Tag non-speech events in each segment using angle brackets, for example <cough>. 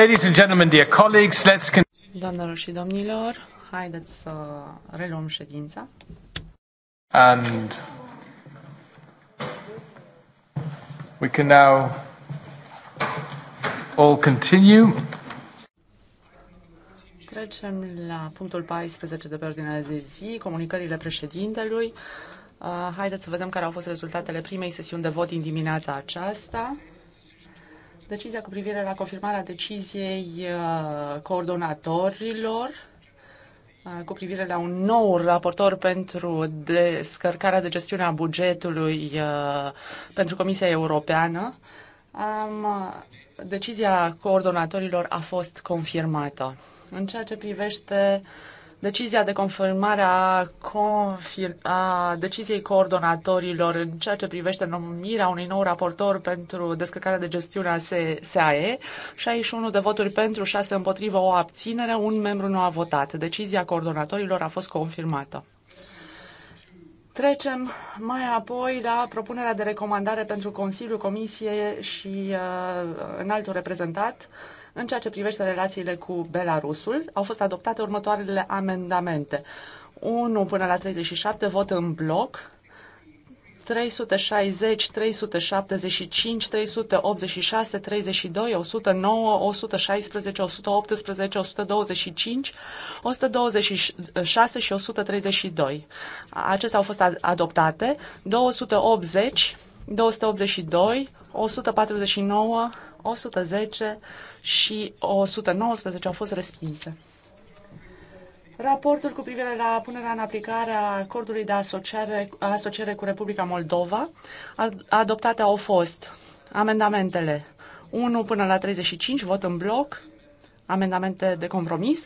Ladies and gentlemen, dear colleagues, let's continue. Doamnelor și domnilor, haideți să reluăm ședința. And we can now all continue. Trecem la punctul 14 de pe ordinea de zi, comunicările președintelui. Uh, haideți să vedem care au fost rezultatele primei sesiuni de vot din dimineața aceasta. Decizia cu privire la confirmarea deciziei uh, coordonatorilor uh, cu privire la un nou raportor pentru descărcarea de gestiune a bugetului uh, pentru Comisia Europeană. Am, decizia coordonatorilor a fost confirmată. În ceea ce privește uh, Decizia de confirmare a, confir- a deciziei coordonatorilor în ceea ce privește numirea unui nou raportor pentru descărcarea de gestiune a SAE, 61 de voturi pentru, 6 împotrivă, o abținere, un membru nu a votat. Decizia coordonatorilor a fost confirmată. Trecem mai apoi la propunerea de recomandare pentru Consiliul, Comisie și uh, înaltul reprezentat în ceea ce privește relațiile cu Belarusul, au fost adoptate următoarele amendamente. 1 până la 37, vot în bloc, 360, 375, 386, 32, 109, 116, 118, 125, 126 și 132. Acestea au fost adoptate. 280, 282, 149, 110 și 119 au fost respinse. Raportul cu privire la punerea în aplicare a acordului de asociere, asociere cu Republica Moldova, adoptate au fost amendamentele 1 până la 35, vot în bloc, amendamente de compromis,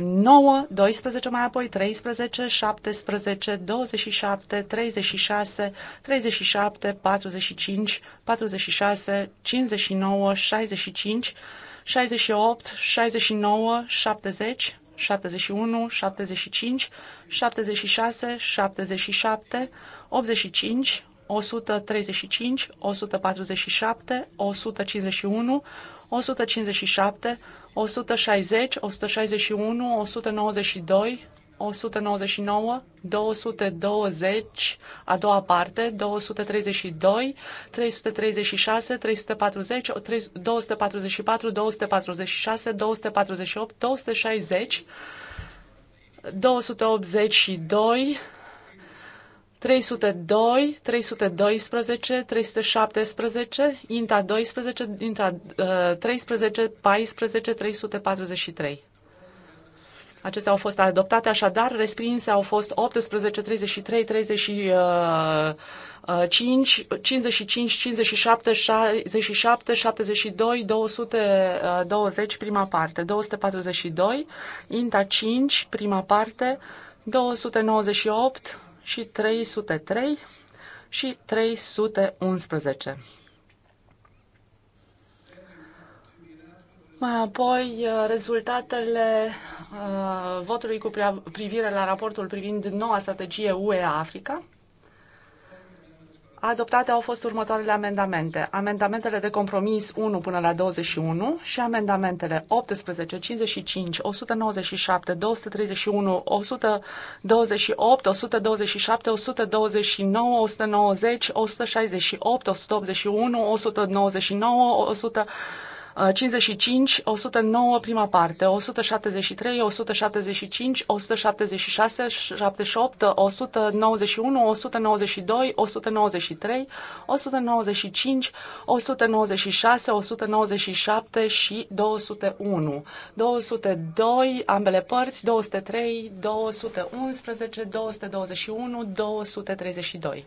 9, 12, mai apoi 13, 17, 27, 36, 37, 45, 46, 59, 65, 68, 69, 70, 71, 75, 76, 77, 85, 135, 147, 151, 157, 160, 161, 192, 199, 220, a doua parte, 232, 336, 340, 244, 246, 248, 260, 282, 302, 312, 317, INTA 12, INTA 13, 14, 343. Acestea au fost adoptate, așadar respinse au fost 18, 33, 35, 55, 57, 67, 72, 220, prima parte, 242, INTA 5, prima parte, 298, și 303 și 311. Mai apoi, uh, rezultatele uh, votului cu privire la raportul privind noua strategie UE-Africa. Adoptate au fost următoarele amendamente. Amendamentele de compromis 1 până la 21 și amendamentele 18, 55, 197, 231, 128, 127, 129, 190, 168, 181, 199, 100 55, 109, prima parte, 173, 175, 176, 78, 191, 192, 193, 195, 196, 197 și 201. 202, ambele părți, 203, 211, 221, 232.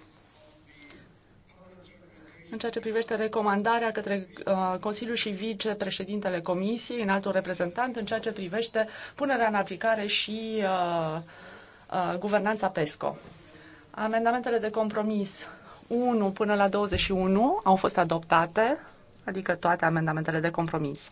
în ceea ce privește recomandarea către uh, Consiliul și vicepreședintele Comisiei, în altul reprezentant, în ceea ce privește punerea în aplicare și uh, uh, guvernanța PESCO. Amendamentele de compromis 1 până la 21 au fost adoptate, adică toate amendamentele de compromis.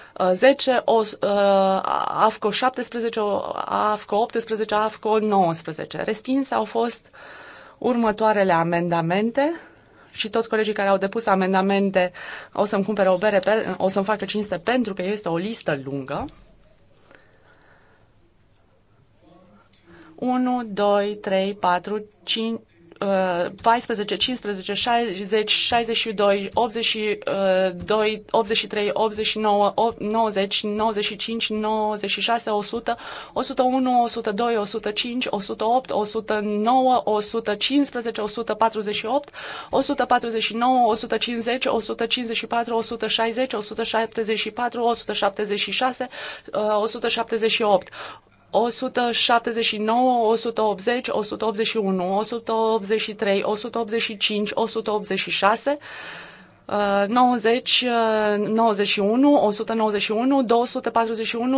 10, o, AFCO 17, AFCO 18, AFCO 19. Respinse au fost următoarele amendamente și toți colegii care au depus amendamente o să-mi cumpere o bere, pe, o să-mi facă cinste pentru că este o listă lungă. 1, 2, 3, 4, 5, 14, 15, 60, 62, 82, 83, 89, 90, 95, 96, 100, 101, 102, 105, 108, 109, 115, 148, 149, 150, 154, 160, 174, 176, 178. 179, 180, 181, 183, 185, 186, 90, 91, 191, 241,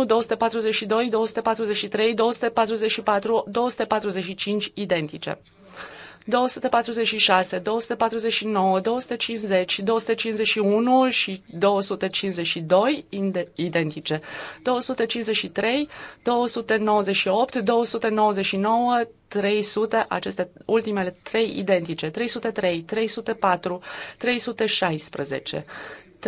242, 243, 244, 245 identice. 246, 249, 250, 251 și 252 identice, 253, 298, 299, 300, aceste ultimele trei identice, 303, 304, 316.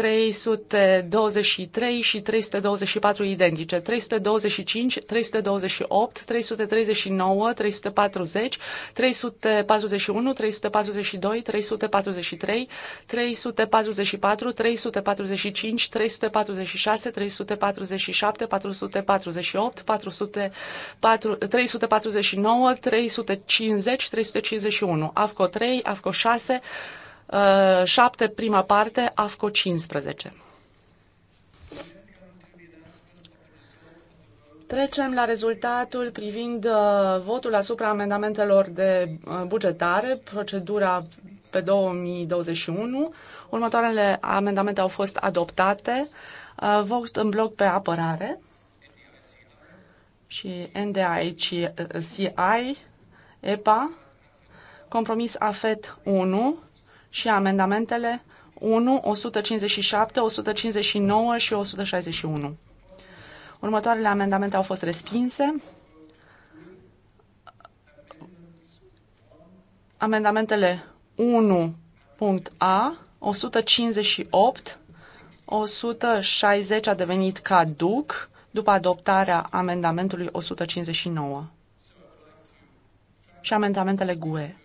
323 și 324 identice, 325, 328, 339, 340, 341, 342, 343, 344, 345, 346, 347, 448, 404, 349, 350, 351, AFCO 3, AFCO 6, 7, uh, prima parte, AFCO 15. Trecem la rezultatul privind uh, votul asupra amendamentelor de uh, bugetare, procedura pe 2021. Următoarele amendamente au fost adoptate. Vot în bloc pe apărare și NDICI, EPA, compromis AFET 1, și amendamentele 1, 157, 159 și 161. Următoarele amendamente au fost respinse. Amendamentele 1.a, 158, 160 a devenit caduc după adoptarea amendamentului 159 și amendamentele GUE.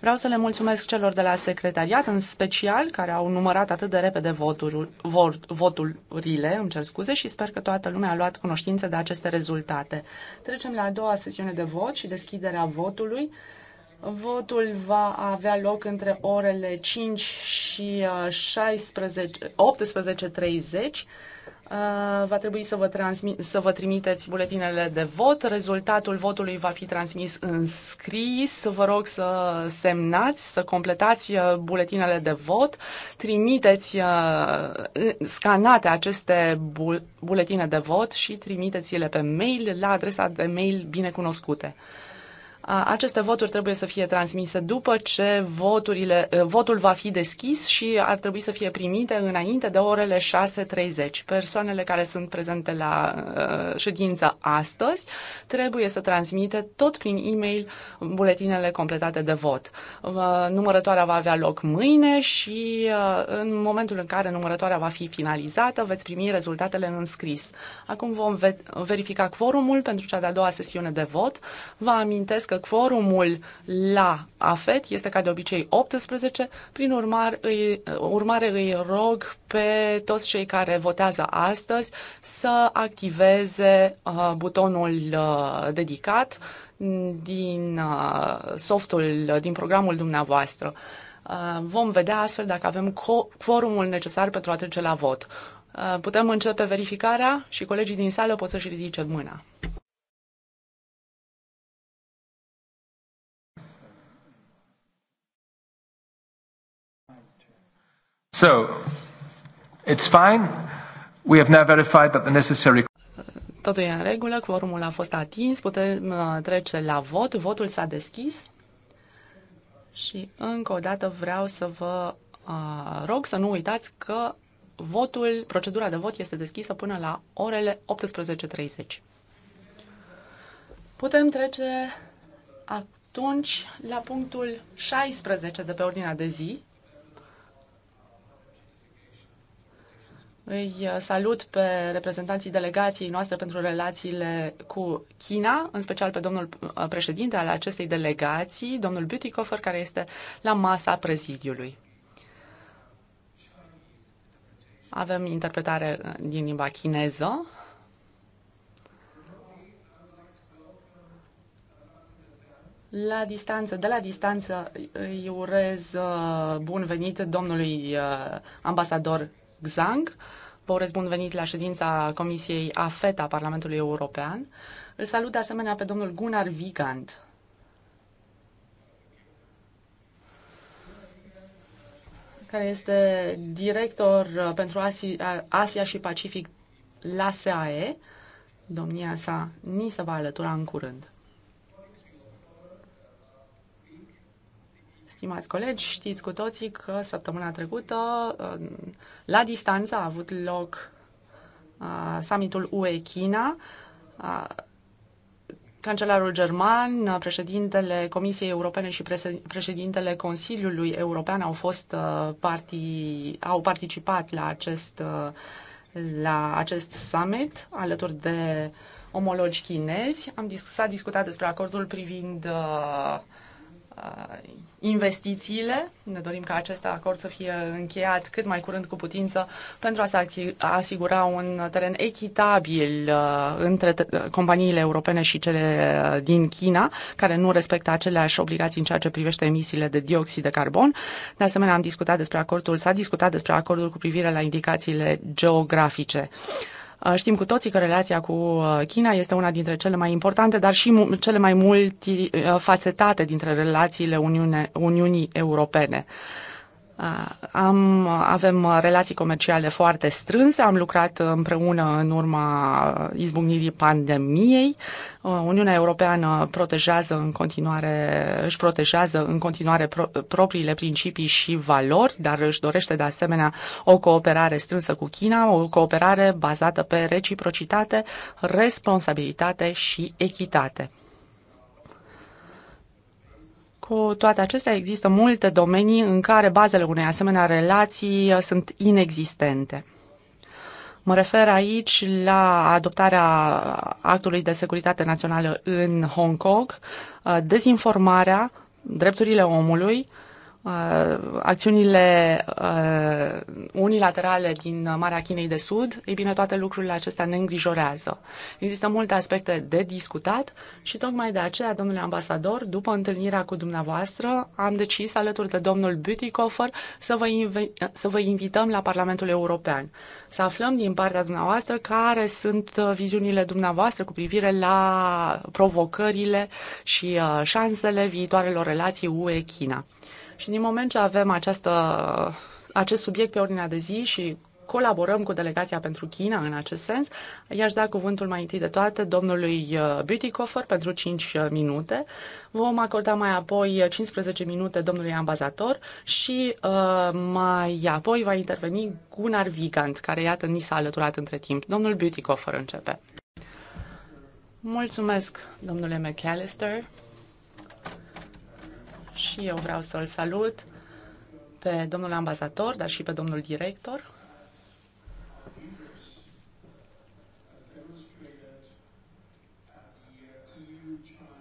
Vreau să le mulțumesc celor de la secretariat, în special, care au numărat atât de repede voturul, vor, voturile, îmi cer scuze, și sper că toată lumea a luat cunoștință de aceste rezultate. Trecem la a doua sesiune de vot și deschiderea votului. Votul va avea loc între orele 5 și 16, uh, 18.30 Uh, va trebui să vă, transmi- să vă trimiteți buletinele de vot. Rezultatul votului va fi transmis în scris. Vă rog să semnați, să completați uh, buletinele de vot. Trimiteți, uh, scanate aceste buletine de vot și trimiteți-le pe mail la adresa de mail binecunoscute. Aceste voturi trebuie să fie transmise după ce voturile, votul va fi deschis și ar trebui să fie primite înainte de orele 6.30. Persoanele care sunt prezente la ședință astăzi trebuie să transmite tot prin e-mail buletinele completate de vot. Numărătoarea va avea loc mâine și în momentul în care numărătoarea va fi finalizată, veți primi rezultatele în scris. Acum vom verifica quorumul pentru cea de-a doua sesiune de vot. Vă amintesc că că quorumul la AFET este ca de obicei 18, prin urmare îi, urmare îi rog pe toți cei care votează astăzi să activeze uh, butonul uh, dedicat din uh, softul, uh, din programul dumneavoastră. Uh, vom vedea astfel dacă avem quorumul necesar pentru a trece la vot. Uh, putem începe verificarea și colegii din sală pot să-și ridice mâna. So, it's fine. We have now verified that the necessary Totul e în regulă, quorumul a fost atins, putem uh, trece la vot, votul s-a deschis și încă o dată vreau să vă uh, rog să nu uitați că votul, procedura de vot este deschisă până la orele 18.30. Putem trece atunci la punctul 16 de pe ordinea de zi, Îi uh, salut pe reprezentanții delegației noastre pentru relațiile cu China, în special pe domnul uh, președinte al acestei delegații, domnul Butikofer, care este la masa prezidiului. Avem interpretare uh, din limba chineză. La distanță, de la distanță, îi urez bun venit domnului ambasador Xang. Vă bun venit la ședința Comisiei AFET a Parlamentului European. Îl salut de asemenea pe domnul Gunnar Vigand. care este director pentru Asia, Asia și Pacific la SAE. Domnia sa ni se va alătura în curând. stimați colegi, știți cu toții că săptămâna trecută, la distanță, a avut loc summitul UE-China. Cancelarul german, președintele Comisiei Europene și președintele Consiliului European au fost parti, au participat la acest, la acest summit alături de omologi chinezi. Am discutat, s-a discutat despre acordul privind uh, Uh, investițiile. Ne dorim ca acest acord să fie încheiat cât mai curând cu putință pentru a se asigura un teren echitabil uh, între uh, companiile europene și cele din China, care nu respectă aceleași obligații în ceea ce privește emisiile de dioxid de carbon. De asemenea, am discutat despre acordul, s-a discutat despre acordul cu privire la indicațiile geografice. Uh, știm cu toții că relația cu uh, China este una dintre cele mai importante, dar și cele mai multifacetate uh, dintre relațiile Uniune, Uniunii Europene. Uh, Uh, am, avem relații comerciale foarte strânse, am lucrat împreună în urma izbucnirii pandemiei. Uh, Uniunea Europeană protejează în continuare, își protejează în continuare pro, propriile principii și valori, dar își dorește de asemenea o cooperare strânsă cu China, o cooperare bazată pe reciprocitate, responsabilitate și echitate. Cu toate acestea, există multe domenii în care bazele unei asemenea relații uh, sunt inexistente. Mă refer aici la adoptarea actului de securitate națională în Hong Kong, uh, dezinformarea, drepturile omului, Uh, acțiunile uh, unilaterale din Marea Chinei de Sud, ei bine, toate lucrurile acestea ne îngrijorează. Există multe aspecte de discutat și tocmai de aceea, domnule ambasador, după întâlnirea cu dumneavoastră, am decis alături de domnul Bütikofer să vă, să vă invităm la Parlamentul European. Să aflăm din partea dumneavoastră care sunt uh, viziunile dumneavoastră cu privire la provocările și șansele viitoarelor relații UE-China. Și din moment ce avem această, acest subiect pe ordinea de zi și colaborăm cu delegația pentru China în acest sens. I-aș da cuvântul mai întâi de toate domnului uh, Bütikofer pentru 5 uh, minute. Vom acorda mai apoi 15 uh, minute domnului ambazator și uh, mai apoi va interveni Gunnar Vigant, care iată ni s-a alăturat între timp. Domnul Bütikofer începe. Mulțumesc, domnule McAllister și eu vreau să-l salut pe domnul ambasador, dar și pe domnul director.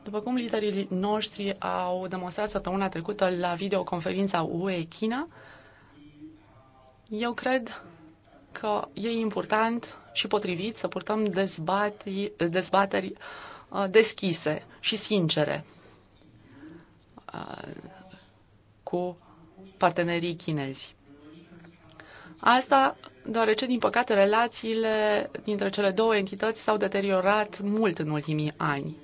După cum liderii noștri au demonstrat săptămâna trecută la videoconferința UE-China, eu cred că e important și potrivit să purtăm dezbateri, uh, deschise și sincere cu partenerii chinezi. Asta deoarece, din păcate, relațiile dintre cele două entități s-au deteriorat mult în ultimii ani.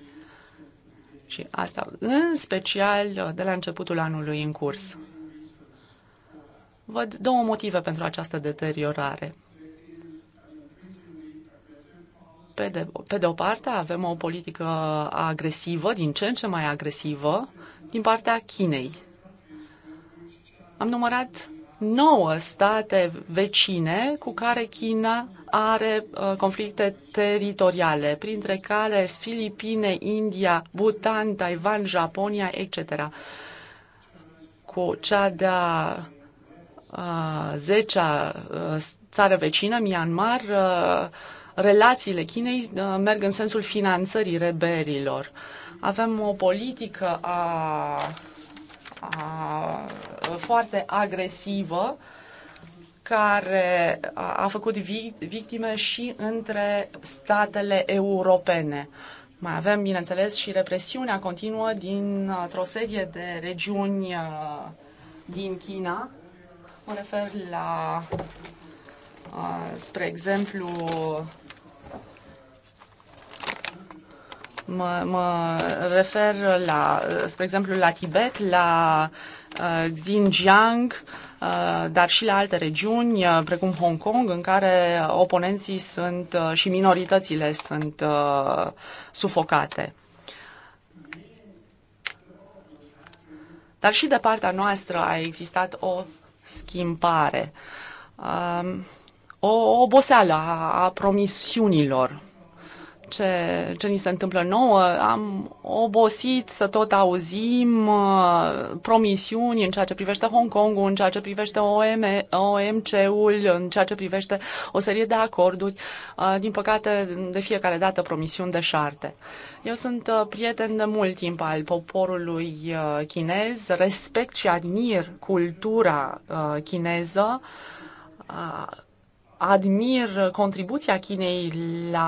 Și asta în special de la începutul anului în curs. Văd două motive pentru această deteriorare. Pe de, pe de o parte, avem o politică agresivă, din ce în ce mai agresivă, din partea Chinei. Am numărat nouă state vecine cu care China are uh, conflicte teritoriale, printre care Filipine, India, Bhutan, Taiwan, Japonia, etc. Cu cea de-a uh, uh, țară vecină, Myanmar, uh, relațiile Chinei uh, merg în sensul finanțării reberilor. Uh, avem o politică a, a, foarte agresivă care a, făcut victime și între statele europene. Mai avem, bineînțeles, și represiunea continuă dintr-o serie de regiuni din China. Mă refer la, spre exemplu, Mă, mă refer, la, spre exemplu, la Tibet, la uh, Xinjiang, uh, dar și la alte regiuni, uh, precum Hong Kong, în care oponenții sunt uh, și minoritățile sunt uh, sufocate. Dar și de partea noastră a existat o schimbare, um, o oboseală a, a promisiunilor ce, ce ni se întâmplă nouă. Am obosit să tot auzim uh, promisiuni în ceea ce privește Hong Kong, în ceea ce privește OMC-ul, în ceea ce privește o serie de acorduri. Uh, din păcate, de fiecare dată promisiuni de șarte. Eu sunt uh, prieten de mult timp al poporului chinez, respect și admir cultura chineză admir contribuția Chinei la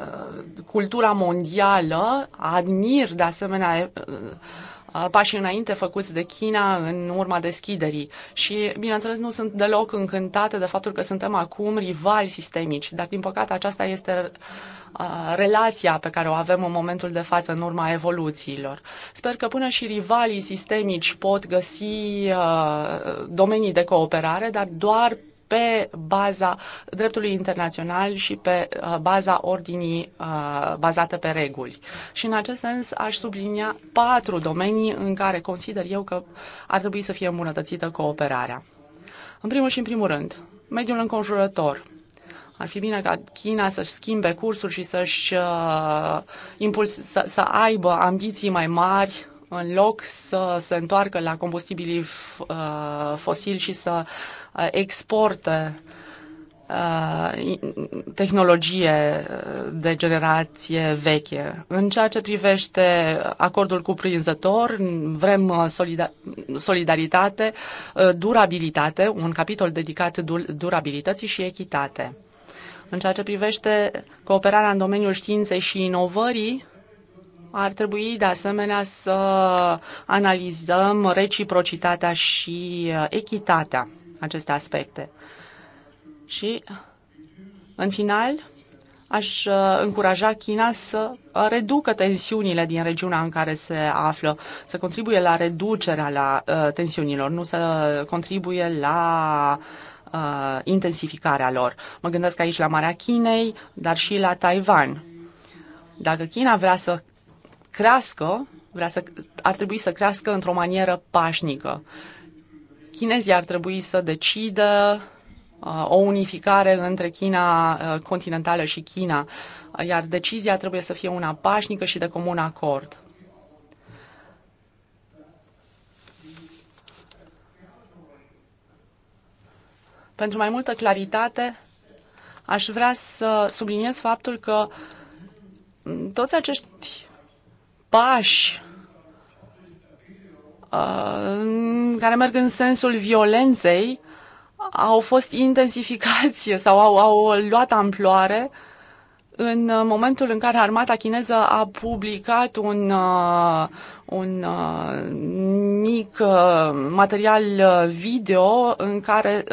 uh, cultura mondială, admir de asemenea uh, uh, pașii înainte făcuți de China în urma deschiderii. Și, bineînțeles, nu sunt deloc încântată de faptul că suntem acum rivali sistemici, dar, din păcate, aceasta este relația pe care o avem în momentul de față în urma evoluțiilor. Sper că până și rivalii sistemici pot găsi domenii de cooperare, dar doar pe baza dreptului internațional și pe uh, baza ordinii uh, bazată pe reguli. Și în acest sens aș sublinia patru domenii în care consider eu că ar trebui să fie îmbunătățită cooperarea. În primul și în primul rând, mediul înconjurător, ar fi bine ca China să-și schimbe cursul și să-și uh, impuls, să, să aibă ambiții mai mari în loc să se întoarcă la combustibilii uh, fosili și să Uh, exportă uh, tehnologie uh, de generație veche. În ceea ce privește acordul cuprinzător, vrem solidaritate, durabilitate, un capitol dedicat durabilității și echitate. În ceea ce privește cooperarea în domeniul științei și inovării, ar trebui de asemenea să analizăm reciprocitatea și echitatea aceste aspecte. Și, în final, aș uh, încuraja China să uh, reducă tensiunile din regiunea în care se află, să contribuie la reducerea la uh, tensiunilor, nu să contribuie la uh, intensificarea lor. Mă gândesc aici la Marea Chinei, dar și la Taiwan. Dacă China vrea să crească, vrea să, ar trebui să crească într-o manieră pașnică Chinezii ar trebui să decidă uh, o unificare între China uh, continentală și China, uh, iar decizia trebuie să fie una pașnică și de comun acord. Pentru mai multă claritate, aș vrea să subliniez faptul că mm, toți acești pași Uh, care merg în sensul violenței au fost intensificați sau au, au luat amploare uh, în uh, momentul în care armata chineză a publicat un, uh, un uh, mic material video în care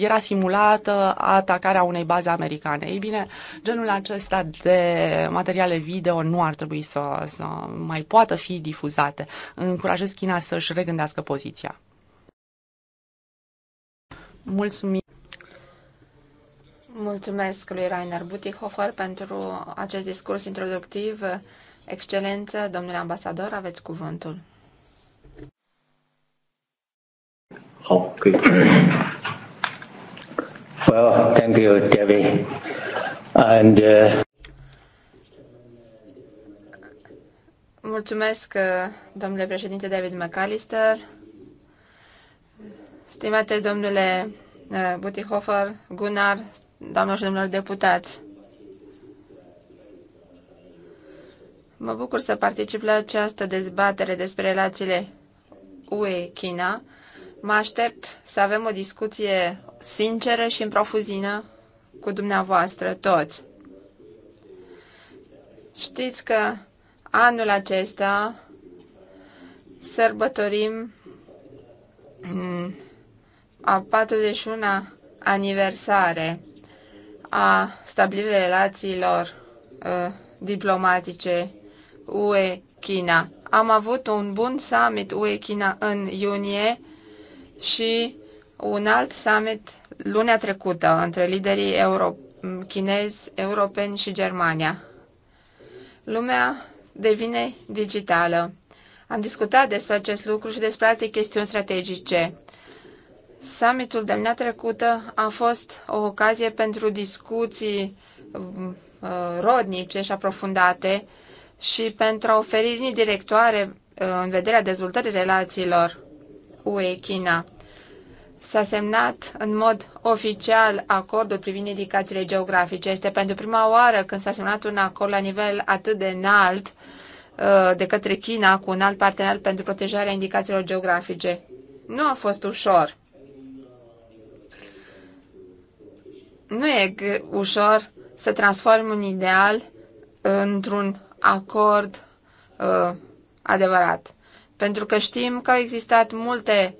era simulată atacarea unei baze americane. Ei bine, genul acesta de materiale video nu ar trebui să, să mai poată fi difuzate. Încurajez China să-și regândească poziția. Mulțumim! Mulțumesc lui Rainer Butihofer pentru acest discurs introductiv. Excelență, domnule ambasador, aveți cuvântul. Ok. Well, thank you, Debbie. And, uh... Mulțumesc, uh, domnule președinte David McAllister. Stimate domnule uh, Butihofer, Gunnar, doamnelor și domnilor deputați. Mă bucur să particip la această dezbatere despre relațiile UE-China. Mă aștept să avem o discuție sinceră și în profuzină cu dumneavoastră toți. Știți că anul acesta sărbătorim mm, a 41-a aniversare a stabilirii relațiilor uh, diplomatice UE-China. Am avut un bun summit UE-China în iunie și un alt summit lunea trecută între liderii euro- chinezi, europeni și Germania. Lumea devine digitală. Am discutat despre acest lucru și despre alte chestiuni strategice. Summitul de luna trecută a fost o ocazie pentru discuții mm, uh, rodnice și aprofundate și pentru a oferi linii directoare uh, în vederea dezvoltării relațiilor UE-China. S-a semnat în mod oficial acordul privind indicațiile geografice. Este pentru prima oară când s-a semnat un acord la nivel atât de înalt uh, de către China cu un alt partener pentru protejarea indicațiilor geografice. Nu a fost ușor nu e ușor să transform un ideal într-un acord uh, adevărat. Pentru că știm că au existat multe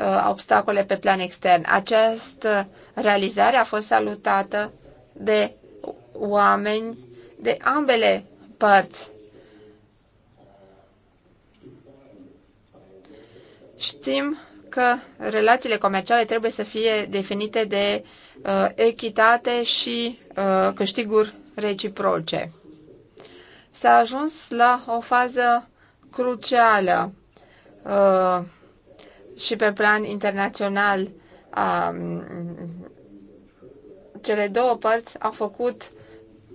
uh, obstacole pe plan extern. Această realizare a fost salutată de oameni de ambele părți. Știm că relațiile comerciale trebuie să fie definite de uh, Uh, echitate și uh, câștiguri reciproce. S-a ajuns la o fază crucială uh, și pe plan internațional um, cele două părți au făcut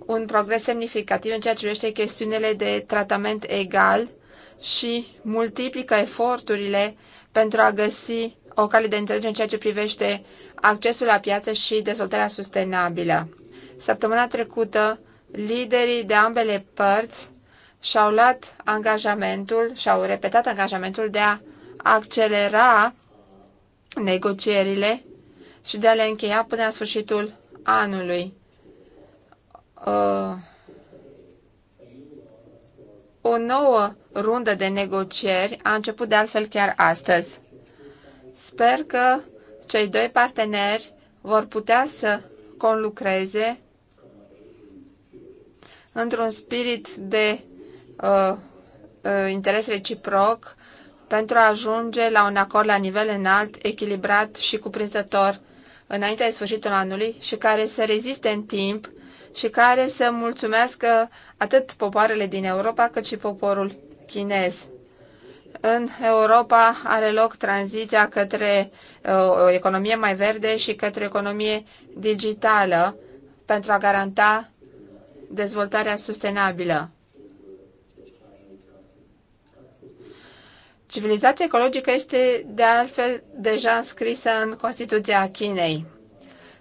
un progres semnificativ în ceea ce privește chestiunile de tratament egal și multiplică eforturile pentru a găsi o cale de înțelegere în ceea ce privește accesul la piață și dezvoltarea sustenabilă. Săptămâna trecută, liderii de ambele părți și-au luat angajamentul și-au repetat angajamentul de a accelera negocierile și de a le încheia până la sfârșitul anului. Uh, o nouă rundă de negocieri a început de altfel chiar astăzi. Sper că cei doi parteneri vor putea să conlucreze într-un spirit de uh, uh, interes reciproc pentru a ajunge la un acord la nivel înalt, echilibrat și cuprinzător înainte de sfârșitul anului și care să reziste în timp și care să mulțumească atât popoarele din Europa cât și poporul chinez în Europa are loc tranziția către uh, o economie mai verde și către o economie digitală pentru a garanta dezvoltarea sustenabilă. Civilizația ecologică este de altfel deja înscrisă în Constituția Chinei.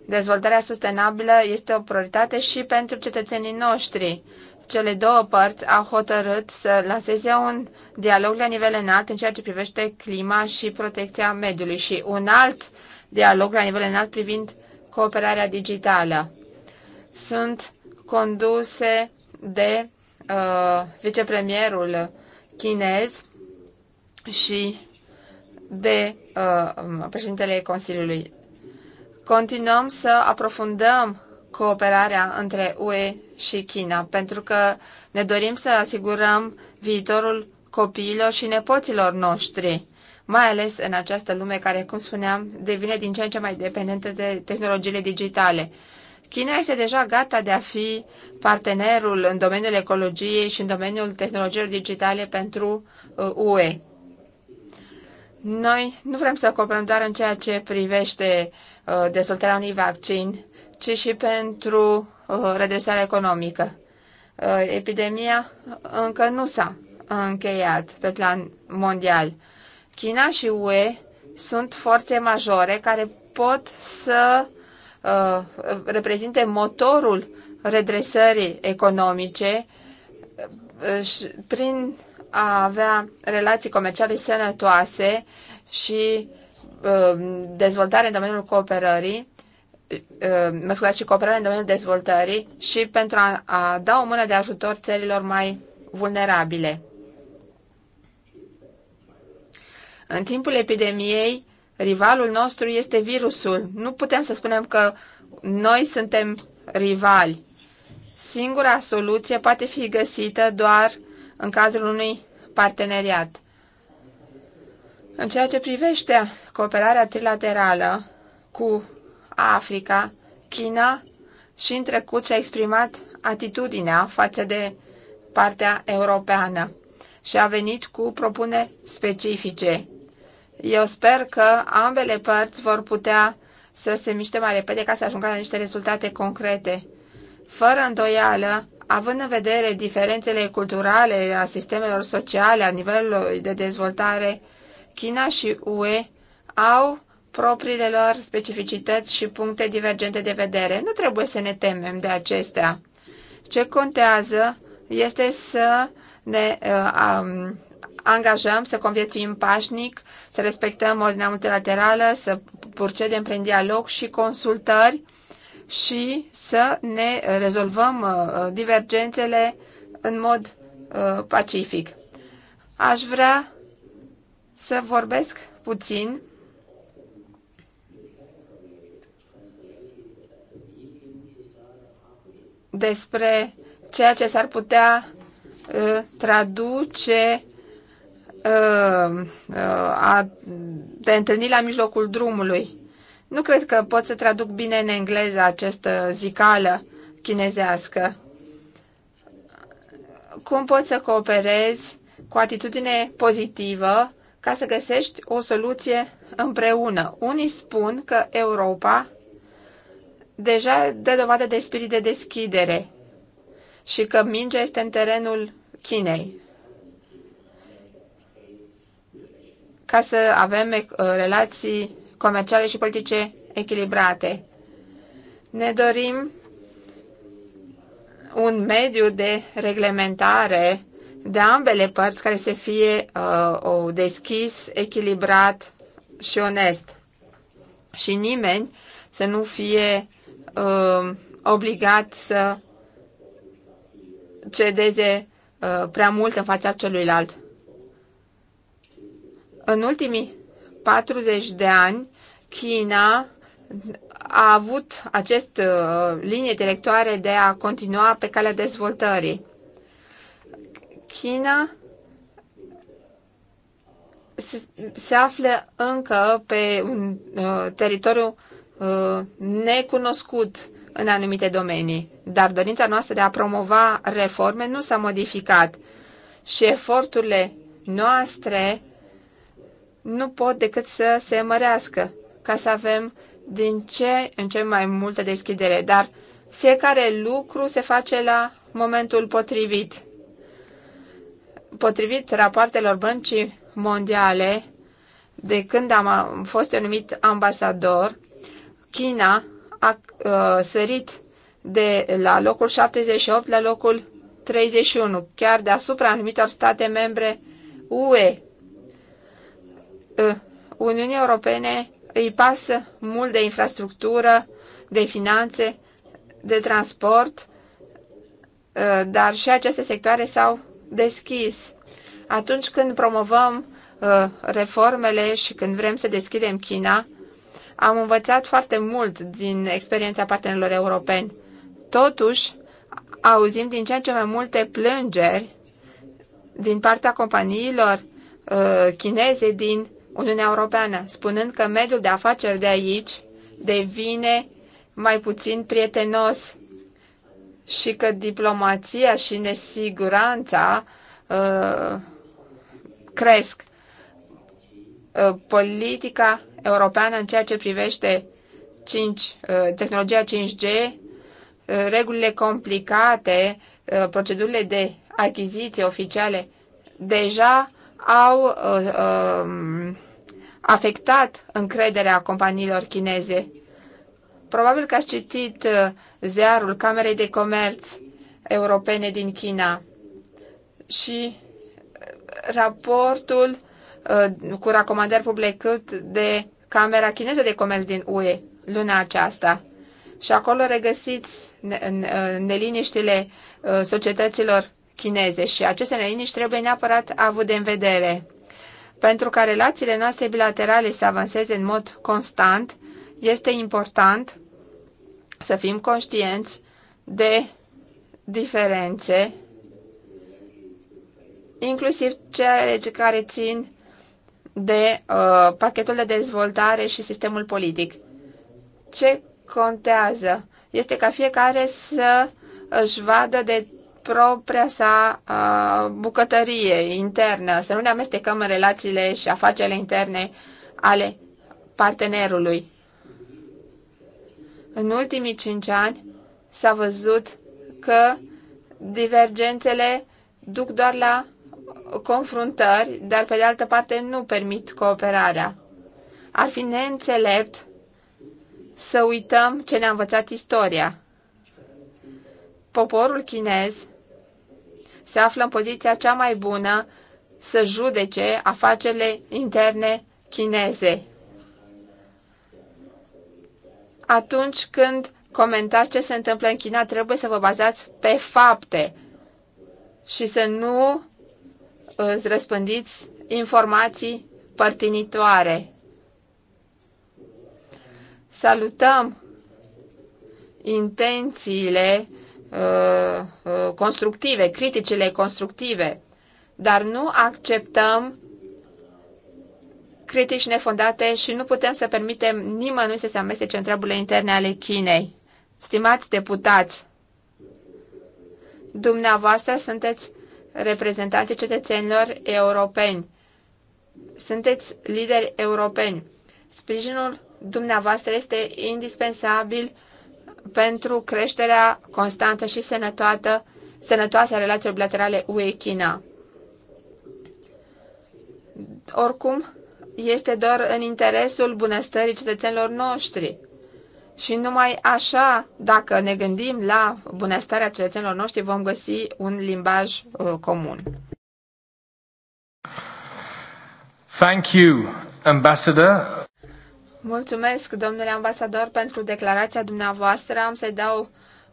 Dezvoltarea sustenabilă este o prioritate și pentru cetățenii noștri cele două părți au hotărât să lanseze un dialog la nivel înalt în ceea ce privește clima și protecția mediului și un alt dialog la nivel înalt privind cooperarea digitală. Sunt conduse de uh, vicepremierul chinez și de uh, președintele Consiliului. Continuăm să aprofundăm cooperarea între UE și China, pentru că ne dorim să asigurăm viitorul copiilor și nepoților noștri, mai ales în această lume care, cum spuneam, devine din ce în ce mai dependentă de tehnologiile digitale. China este deja gata de a fi partenerul în domeniul ecologiei și în domeniul tehnologiilor digitale pentru uh, UE. Noi nu vrem să cooperăm doar în ceea ce privește uh, dezvoltarea unui vaccin, ci și pentru uh, redresarea economică. Uh, epidemia încă nu s-a încheiat pe plan mondial. China și UE sunt forțe majore care pot să uh, reprezinte motorul redresării economice prin a avea relații comerciale sănătoase și dezvoltare în domeniul cooperării Uh, mă și cooperare în domeniul dezvoltării și pentru a, a da o mână de ajutor țărilor mai vulnerabile. În timpul epidemiei, rivalul nostru este virusul. Nu putem să spunem că noi suntem rivali. Singura soluție poate fi găsită doar în cadrul unui parteneriat. În ceea ce privește cooperarea trilaterală cu Africa, China și în trecut și-a exprimat atitudinea față de partea europeană și a venit cu propuneri specifice. Eu sper că ambele părți vor putea să se miște mai repede ca să ajungă la niște rezultate concrete. Fără îndoială, având în vedere diferențele culturale a sistemelor sociale, a nivelului de dezvoltare, China și UE au propriile lor specificități și puncte divergente de vedere. Nu trebuie să ne temem de acestea. Ce contează este să ne uh, um, angajăm, să conviețuim pașnic, să respectăm ordinea multilaterală, să procedem prin dialog și consultări și să ne rezolvăm uh, uh divergențele în mod uh, pacific. Aș vrea să vorbesc puțin despre ceea ce s-ar putea uh, traduce uh, uh, a te întâlni la mijlocul drumului. Nu cred că pot să traduc bine în engleză această zicală chinezească. Cum poți să cooperezi cu atitudine pozitivă ca să găsești o soluție împreună? Unii spun că Europa deja dă dovadă de spirit de deschidere și că mingea este în terenul Chinei. Ca să avem uh, relații comerciale și politice echilibrate. Ne dorim un mediu de reglementare de ambele părți care să fie uh, deschis, echilibrat și onest. Și nimeni să nu fie uh, obligat să cedeze uh, prea mult în fața celuilalt. În ultimii 40 de ani, China a avut acest uh, linie directoare de a continua pe calea dezvoltării. China se, se află încă pe un uh, teritoriu Uh, necunoscut în anumite domenii, dar dorința noastră de a promova reforme nu s-a modificat și eforturile noastre nu pot decât să se mărească ca să avem din ce în ce mai multă deschidere, dar fiecare lucru se face la momentul potrivit. Potrivit rapoartelor băncii mondiale, de când am fost numit ambasador, China a uh, sărit de la locul 78 la locul 31, chiar deasupra anumitor state membre UE. Uh, Uniunea Europene îi pasă mult de infrastructură, de finanțe, de transport, uh, dar și aceste sectoare s-au deschis. Atunci când promovăm reformele și când vrem să deschidem China, am învățat foarte mult din experiența partenerilor europeni. Totuși, auzim din ce în ce mai multe plângeri din partea companiilor uh, chineze din Uniunea Europeană, spunând că mediul de afaceri de aici devine mai puțin prietenos și că diplomația și nesiguranța uh, cresc. Uh, politica europeană în ceea ce privește 5, uh, tehnologia 5G, uh, regulile complicate, uh, procedurile de achiziție oficiale, deja au um, afectat încrederea companiilor chineze. Probabil că ați citit ziarul Camerei de Comerț europene din China și raportul Uh, cu recomandări publicat de Camera Chineză de Comerț din UE luna aceasta. Și acolo regăsiți uh, neliniștile uh, societăților chineze și aceste neliniști trebuie neapărat avute în vedere. Pentru ca relațiile noastre bilaterale să avanseze în mod constant, este important să fim conștienți de diferențe, inclusiv cele care țin de uh, pachetul de dezvoltare și sistemul politic. Ce contează este ca fiecare să își vadă de propria sa uh, bucătărie internă, să nu ne amestecăm în relațiile și afacerile interne ale partenerului. În ultimii cinci ani s-a văzut că divergențele duc doar la confruntări, dar pe de altă parte nu permit cooperarea. Ar fi neînțelept să uităm ce ne-a învățat istoria. Poporul chinez se află în poziția cea mai bună să judece afacerile interne chineze. Atunci când comentați ce se întâmplă în China, trebuie să vă bazați pe fapte și să nu îți răspândiți informații părtinitoare. Salutăm intențiile uh, uh, constructive, criticile constructive, dar nu acceptăm critici nefondate și nu putem să permitem nimănui să se amestece în treburile interne ale Chinei. Stimați deputați, dumneavoastră sunteți reprezentanții cetățenilor europeni. Sunteți lideri europeni. Sprijinul dumneavoastră este indispensabil pentru creșterea constantă și sănătoasă, sănătoasă a relațiilor bilaterale UE-China. Oricum, este doar în interesul bunăstării cetățenilor noștri. Și numai așa, dacă ne gândim la bunăstarea cetățenilor noștri, vom găsi un limbaj uh, comun. Thank you, Ambassador. Mulțumesc, domnule ambasador, pentru declarația dumneavoastră. Am să-i dau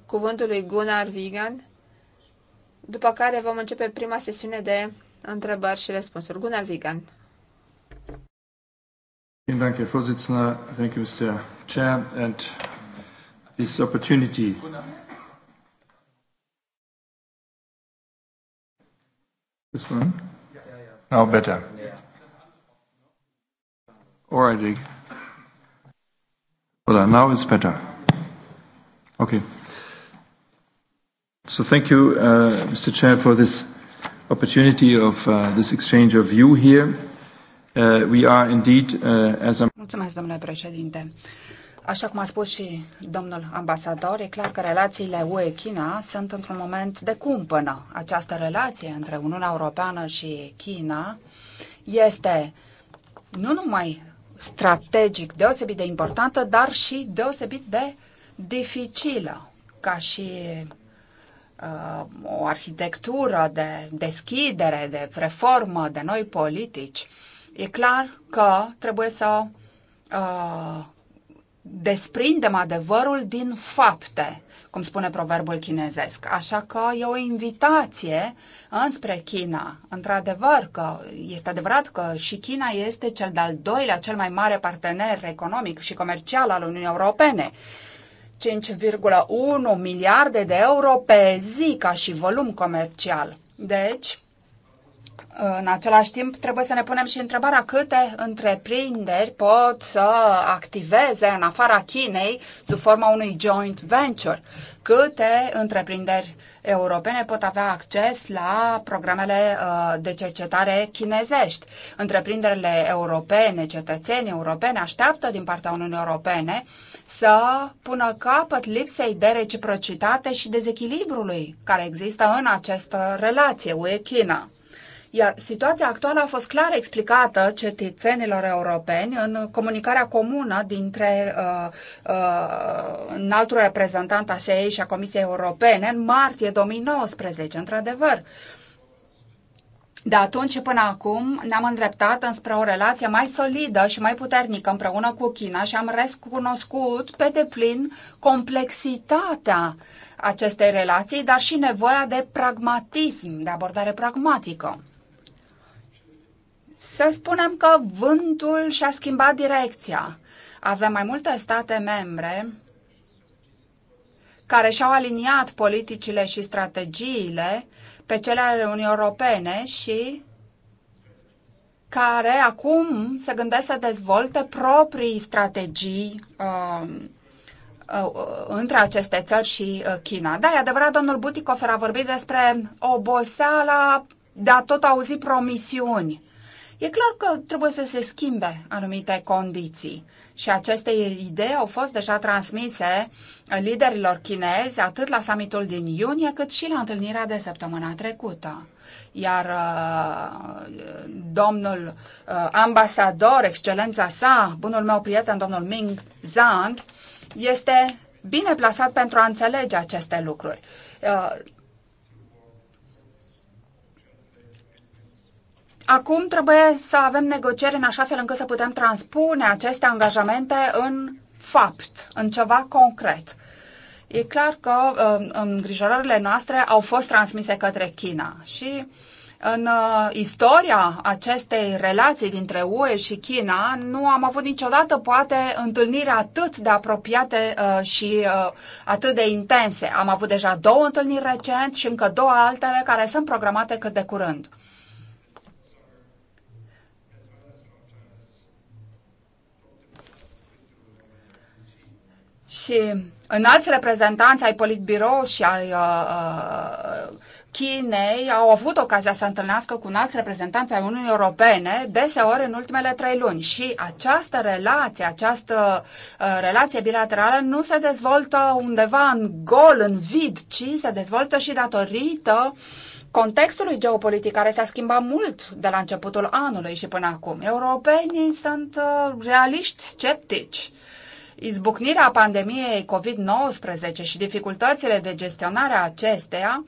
cuvântul lui Gunnar Vigan, după care vom începe prima sesiune de întrebări și răspunsuri. Gunnar Vigan. Vielen Dank, Herr Vorsitzender. Thank you, Mr. Chair, and this opportunity. This one? Now better. Alrighty. Well, now it's better. Okay. So thank you, uh, Mr. Chair, for this opportunity of uh, this exchange of view here. Uh, we are indeed, uh, as a... Mulțumesc, domnule președinte. Așa cum a spus și domnul ambasador, e clar că relațiile UE-China sunt într-un moment de cumpănă. Această relație între Uniunea Europeană și China este nu numai strategic deosebit de importantă, dar și deosebit de dificilă ca și uh, o arhitectură de deschidere, de reformă, de noi politici. E clar că trebuie să uh, desprindem adevărul din fapte, cum spune proverbul chinezesc. Așa că e o invitație înspre China. Într-adevăr că este adevărat că și China este cel de-al doilea, cel mai mare partener economic și comercial al Uniunii Europene. 5,1 miliarde de euro pe zi ca și volum comercial. Deci, în același timp, trebuie să ne punem și întrebarea câte întreprinderi pot să activeze în afara Chinei sub forma unui joint venture. Câte întreprinderi europene pot avea acces la programele uh, de cercetare chinezești. Întreprinderile europene, cetățenii europene așteaptă din partea Uniunii Europene să pună capăt lipsei de reciprocitate și dezechilibrului care există în această relație UE-China. Iar situația actuală a fost clar explicată cetățenilor europeni în comunicarea comună dintre uh, uh, înaltul reprezentant a SEI și a Comisiei Europene în martie 2019, într-adevăr. De atunci până acum ne-am îndreptat înspre o relație mai solidă și mai puternică împreună cu China și am recunoscut pe deplin complexitatea acestei relații, dar și nevoia de pragmatism, de abordare pragmatică să spunem că vântul și-a schimbat direcția. Avem mai multe state membre care și-au aliniat politicile și strategiile pe cele ale Uniunii Europene și care acum se gândesc să dezvolte proprii strategii um, uh, uh, între aceste țări și uh, China. Da, e adevărat, domnul Buticofer a vorbit despre oboseala de a tot auzi promisiuni. E clar că trebuie să se schimbe anumite condiții și aceste idei au fost deja transmise liderilor chinezi atât la summitul din iunie cât și la întâlnirea de săptămâna trecută. Iar uh, domnul uh, ambasador, excelența sa, bunul meu prieten, domnul Ming Zhang, este bine plasat pentru a înțelege aceste lucruri. Uh, Acum trebuie să avem negocieri în așa fel încât să putem transpune aceste angajamente în fapt, în ceva concret. E clar că uh, îngrijorările noastre au fost transmise către China și în uh, istoria acestei relații dintre UE și China nu am avut niciodată poate întâlniri atât de apropiate uh, și atât de intense. Am avut deja două întâlniri recent și încă două altele care sunt programate cât de curând. Și în alți reprezentanți ai Politbiro și ai uh, uh, Chinei au avut ocazia să întâlnească cu alți reprezentanți ai Uniunii Europene deseori în ultimele trei luni și această relație, această uh, relație bilaterală nu se dezvoltă undeva în gol, în vid, ci se dezvoltă și datorită contextului geopolitic care s-a schimbat mult de la începutul anului și până acum. Europenii sunt uh, realiști sceptici Izbucnirea pandemiei COVID-19 și dificultățile de gestionare a acesteia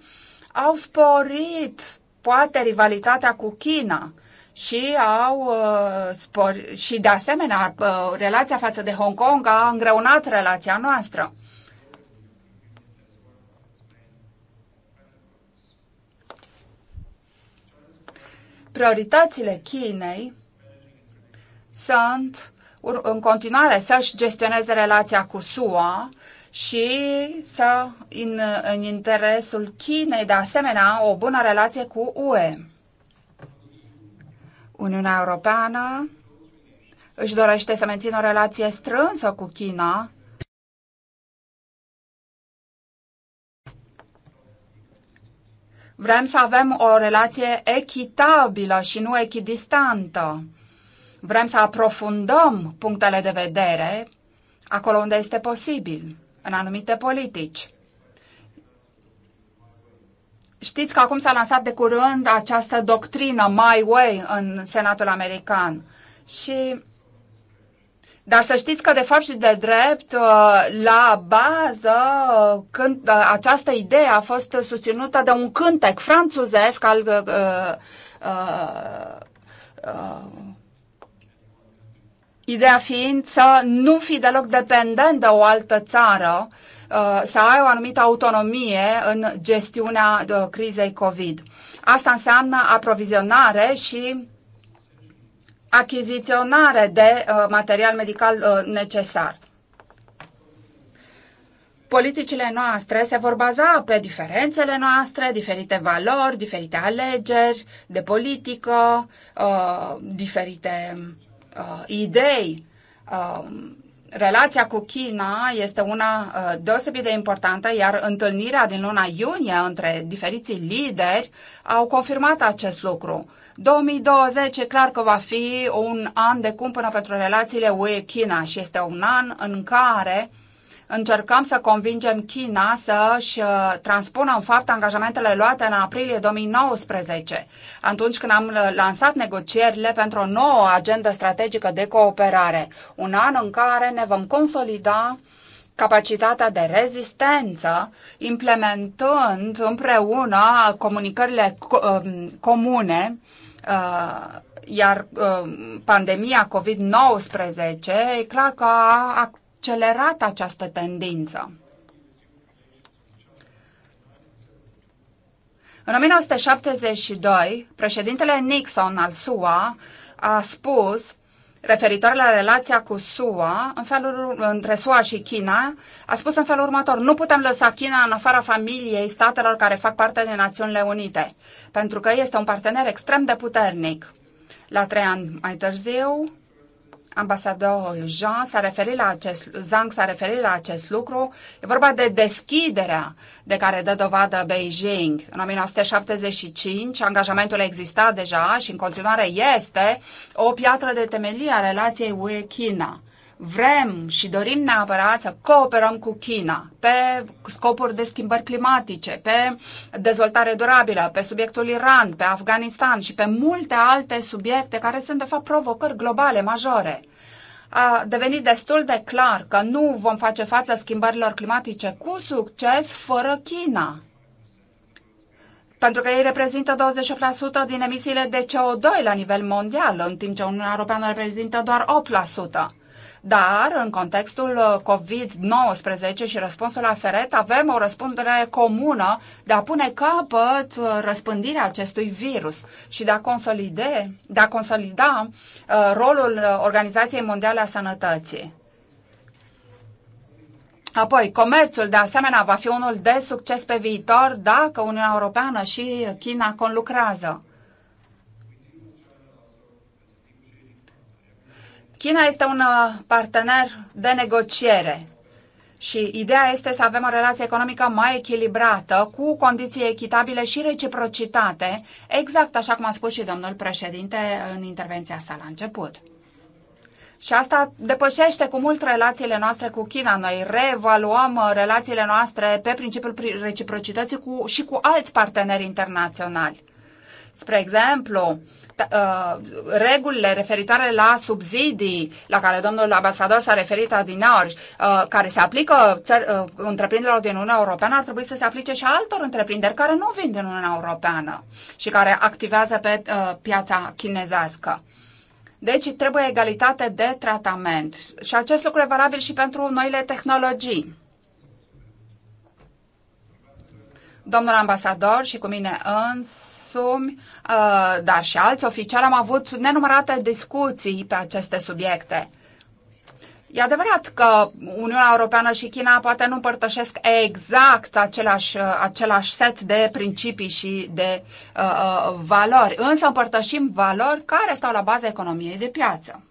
au sporit poate rivalitatea cu China și au uh, spor, și de asemenea uh, relația față de Hong Kong a îngreunat relația noastră. Prioritățile Chinei sunt în continuare să-și gestioneze relația cu SUA și să, în, în interesul Chinei, de asemenea, o bună relație cu UE. Uniunea Europeană își dorește să mențină o relație strânsă cu China Vrem să avem o relație echitabilă și nu echidistantă. Vrem să aprofundăm punctele de vedere acolo unde este posibil, în anumite politici. Știți că acum s-a lansat de curând această doctrină My Way în Senatul American. Și dar să știți că, de fapt și de drept, uh, la bază, când uh, această idee a fost susținută de un cântec franțuzesc al uh, uh, uh, Ideea fiind să nu fii deloc dependent de o altă țară, uh, să ai o anumită autonomie în gestiunea uh, crizei COVID. Asta înseamnă aprovizionare și achiziționare de uh, material medical necesar. Politicile noastre se vor baza pe diferențele noastre, diferite valori, diferite alegeri de politică, diferite uh, idei. Uh, relația cu China este una uh, deosebit de importantă, iar întâlnirea din luna iunie între diferiții lideri au confirmat acest lucru. 2020 e clar că va fi un an de cumpănă pentru relațiile UE-China și este un an în care încercăm să convingem China să-și uh, transpună în fapt angajamentele luate în aprilie 2019, atunci când am uh, lansat negocierile pentru o nouă agendă strategică de cooperare, un an în care ne vom consolida capacitatea de rezistență, implementând împreună comunicările um, comune uh, iar pandemia COVID-19 e clar că a accelerat această tendință. În 1972, președintele Nixon al SUA a spus referitor la relația cu SUA, în felul, între SUA și China, a spus în felul următor, nu putem lăsa China în afara familiei statelor care fac parte din Națiunile Unite, pentru că este un partener extrem de puternic. La trei ani mai târziu, ambasadorul Jean s-a referit la acest, Zhang s-a referit la acest lucru. E vorba de deschiderea de care dă dovadă Beijing. În 1975 angajamentul exista deja și în continuare este o piatră de temelie a relației UE-China vrem și dorim neapărat să cooperăm cu China pe scopuri de schimbări climatice, pe dezvoltare durabilă, pe subiectul Iran, pe Afganistan și pe multe alte subiecte care sunt de fapt provocări globale majore a devenit destul de clar că nu vom face față schimbărilor climatice cu succes fără China. Pentru că ei reprezintă 28% din emisiile de CO2 la nivel mondial, în timp ce Uniunea Europeană reprezintă doar 8% dar în contextul uh, COVID-19 și răspunsul la feret avem o răspundere comună de a pune capăt uh, răspândirea acestui virus și de a, consolide, de a consolida uh, rolul Organizației Mondiale a Sănătății. Apoi, comerțul, de asemenea, va fi unul de succes pe viitor dacă Uniunea Europeană și China conlucrează. China este un uh, partener de negociere și ideea este să avem o relație economică mai echilibrată, cu condiții echitabile și reciprocitate, exact așa cum a spus și domnul președinte în intervenția sa la început. Și asta depășește cu mult relațiile noastre cu China. Noi reevaluăm uh, relațiile noastre pe principiul reciprocității cu, și cu alți parteneri internaționali. Spre exemplu, uh, regulile referitoare la subsidii, la care domnul ambasador s-a referit uh, care se aplică uh, întreprinderilor din Uniunea Europeană, ar trebui să se aplice și altor întreprinderi care nu vin din Uniunea Europeană și care activează pe uh, piața chinezească. Deci trebuie egalitate de tratament și acest lucru e valabil și pentru noile tehnologii. Domnul ambasador și cu mine însă asumi, uh, dar și alți oficiali, am avut nenumărate discuții pe aceste subiecte. E adevărat că Uniunea Europeană și China poate nu împărtășesc exact același, uh, același set de principii și de uh, uh, valori, însă împărtășim valori care stau la baza economiei de piață.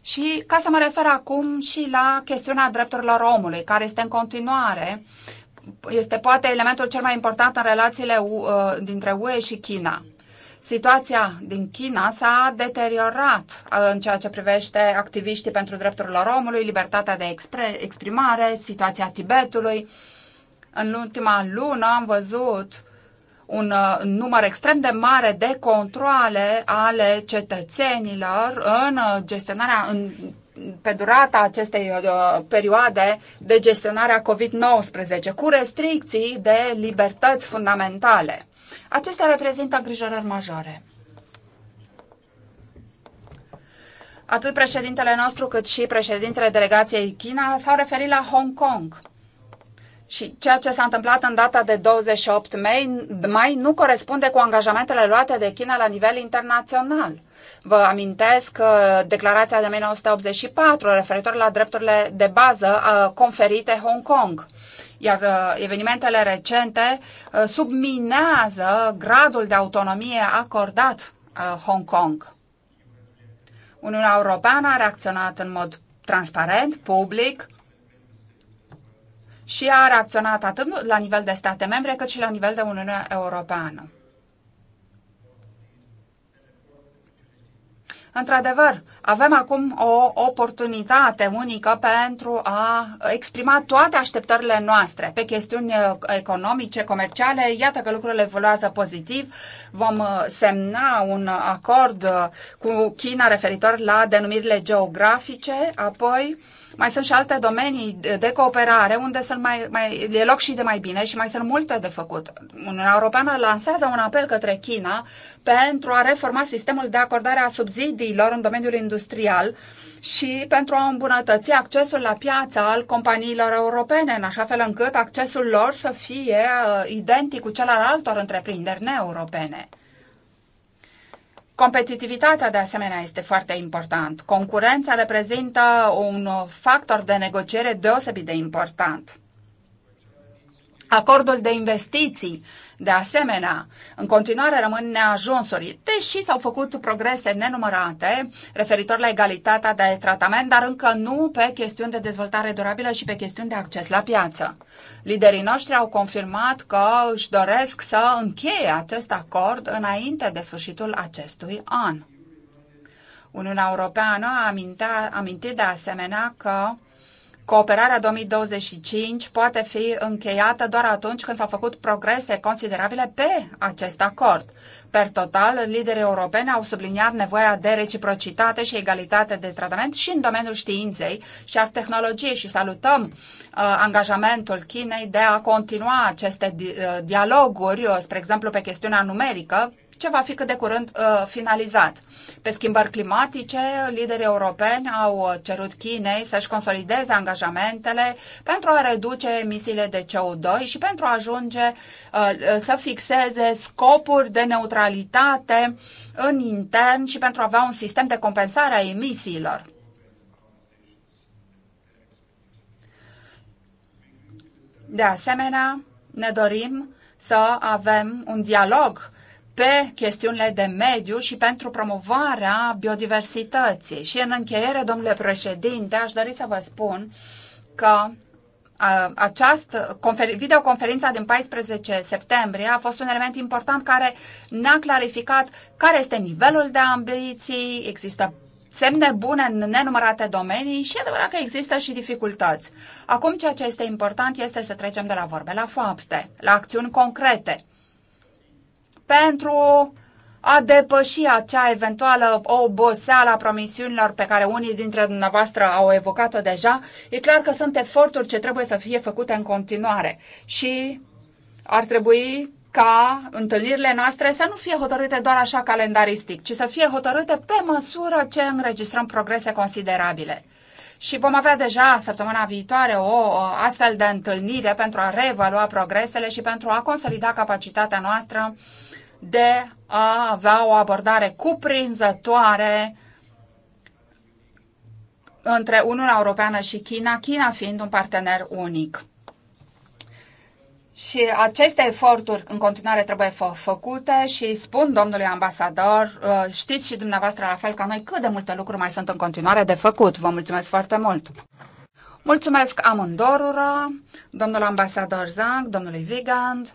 Și ca să mă refer acum și la chestiunea drepturilor omului, care este în continuare este poate elementul cel mai important în relațiile uh, dintre UE și China. Situația din China s-a deteriorat uh, în ceea ce privește activiștii pentru drepturile omului, libertatea de exprimare, situația Tibetului. În ultima lună am văzut un uh, număr extrem de mare de controle ale cetățenilor în gestionarea, în pe durata acestei uh, perioade de gestionare a COVID-19, cu restricții de libertăți fundamentale. Acestea reprezintă îngrijorări majore. Atât președintele nostru cât și președintele delegației China s-au referit la Hong Kong. Și ceea ce s-a întâmplat în data de 28 mai, mai nu corespunde cu angajamentele luate de China la nivel internațional. Vă amintesc declarația de 1984 referitor la drepturile de bază uh, conferite Hong Kong. Iar uh, evenimentele recente uh, subminează gradul de autonomie acordat Hong Kong. Uniunea Europeană a reacționat în mod transparent, public și a reacționat atât la nivel de state membre cât și la nivel de Uniunea Europeană. Într-adevăr, avem acum o oportunitate unică pentru a exprima toate așteptările noastre pe chestiuni uh, economice, comerciale. Iată că lucrurile evoluează pozitiv. Vom uh, semna un acord uh, cu China referitor la denumirile geografice, apoi mai sunt și alte domenii de cooperare unde sunt mai, mai, e loc și de mai bine și mai sunt multe de făcut. Uniunea Europeană lansează un apel către China pentru a reforma sistemul de acordare a subsidiilor în domeniul industrial și pentru a îmbunătăți accesul la piața al companiilor europene, în așa fel încât accesul lor să fie uh, identic cu cel al altor întreprinderi neeuropene. Competitivitatea, de asemenea, este foarte important. Concurența reprezintă un factor de negociere deosebit de important. Acordul de investiții, de asemenea, în continuare rămân neajunsuri, deși s-au făcut progrese nenumărate referitor la egalitatea de tratament, dar încă nu pe chestiuni de dezvoltare durabilă și pe chestiuni de acces la piață. Liderii noștri au confirmat că își doresc să încheie acest acord înainte de sfârșitul acestui an. Uniunea Europeană a amintit de asemenea că Cooperarea 2025 poate fi încheiată doar atunci când s-au făcut progrese considerabile pe acest acord. Per total, liderii europeni au subliniat nevoia de reciprocitate și egalitate de tratament și în domeniul științei și al tehnologiei și salutăm uh, angajamentul Chinei de a continua aceste di- uh, dialoguri, uh, spre exemplu pe chestiunea numerică, ce va fi cât de curând uh, finalizat. Pe schimbări climatice, liderii europeni au cerut Chinei să-și consolideze angajamentele pentru a reduce emisiile de CO2 și pentru a ajunge uh, să fixeze scopuri de neutralitate în intern și pentru a avea un sistem de compensare a emisiilor. De asemenea, ne dorim să avem un dialog pe chestiunile de mediu și pentru promovarea biodiversității. Și în încheiere, domnule președinte, aș dori să vă spun că această videoconferința din 14 septembrie a fost un element important care ne-a clarificat care este nivelul de ambiții, există semne bune în nenumărate domenii și e adevărat că există și dificultăți. Acum ceea ce este important este să trecem de la vorbe la fapte, la acțiuni concrete pentru a depăși acea eventuală oboseală a promisiunilor pe care unii dintre dumneavoastră au evocat-o deja, e clar că sunt eforturi ce trebuie să fie făcute în continuare și ar trebui ca întâlnirile noastre să nu fie hotărâte doar așa calendaristic, ci să fie hotărâte pe măsură ce înregistrăm progrese considerabile. Și vom avea deja săptămâna viitoare o astfel de întâlnire pentru a reevalua progresele și pentru a consolida capacitatea noastră uh, de a avea o abordare cuprinzătoare între Uniunea Europeană și China, China fiind un partener unic. Și aceste eforturi în continuare trebuie fă făcute și spun domnului ambasador, uh, știți și dumneavoastră la fel ca noi cât de multe lucruri mai sunt în continuare de făcut. Vă mulțumesc foarte mult! Mulțumesc amândorura, domnul ambasador Zang, domnului Vigand.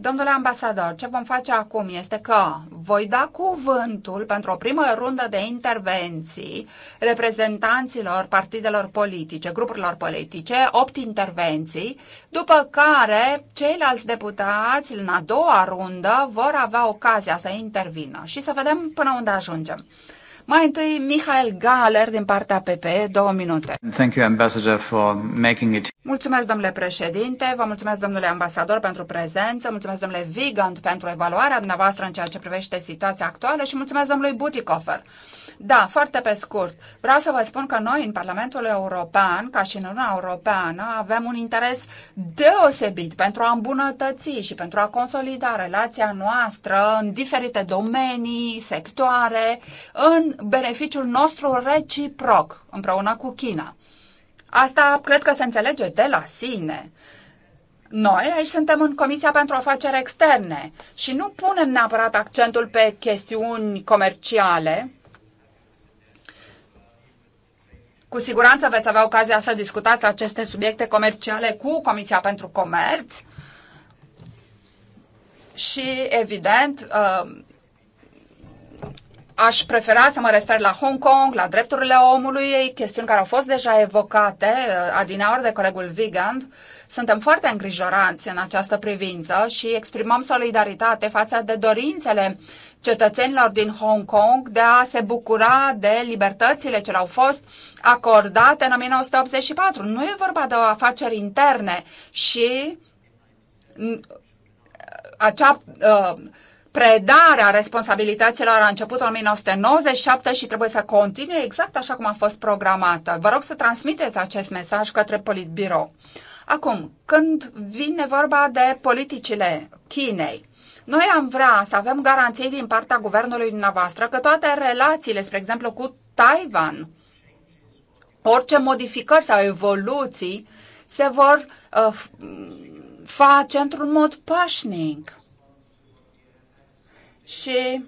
Domnule ambasador, ce vom face acum este că voi da cuvântul pentru o primă rundă de intervenții reprezentanților partidelor politice, grupurilor politice, opt intervenții, după care ceilalți deputați în a doua rundă vor avea ocazia să intervină și să vedem până unde ajungem. Mai întâi, Michael Galer din partea PPE, două minute. Thank you, Ambassador, for making it. Mulțumesc, domnule președinte, vă mulțumesc, domnule ambasador, pentru prezență, mulțumesc, domnule Vigand, pentru evaluarea dumneavoastră în ceea ce privește situația actuală și mulțumesc, domnului Butikofer da, foarte pe scurt. Vreau să vă spun că noi în Parlamentul European, ca și în Uniunea Europeană, avem un interes deosebit pentru a îmbunătăți și pentru a consolida relația noastră în diferite domenii, sectoare, în beneficiul nostru reciproc împreună cu China. Asta cred că se înțelege de la sine. Noi aici suntem în Comisia pentru Afaceri Externe și nu punem neapărat accentul pe chestiuni comerciale, Cu siguranță veți avea ocazia să discutați aceste subiecte comerciale cu Comisia pentru Comerț și, evident, uh, aș prefera să mă refer la Hong Kong, la drepturile omului, chestiuni care au fost deja evocate uh, adineaori de colegul Vigand. Suntem foarte îngrijoranți în această privință și exprimăm solidaritate față de dorințele cetățenilor din Hong Kong de a se bucura de libertățile ce le-au fost acordate în 1984. Nu e vorba de o afaceri interne și mm, acea uh, predare a responsabilităților a început în 1997 și trebuie să continue exact așa cum a fost programată. Vă rog să transmiteți acest mesaj către Politbiro. Acum, când vine vorba de politicile Chinei, noi am vrea să avem garanții din partea guvernului dumneavoastră că toate relațiile, spre exemplu, cu Taiwan, orice modificări sau evoluții se vor uh, face într-un mod pașnic. Și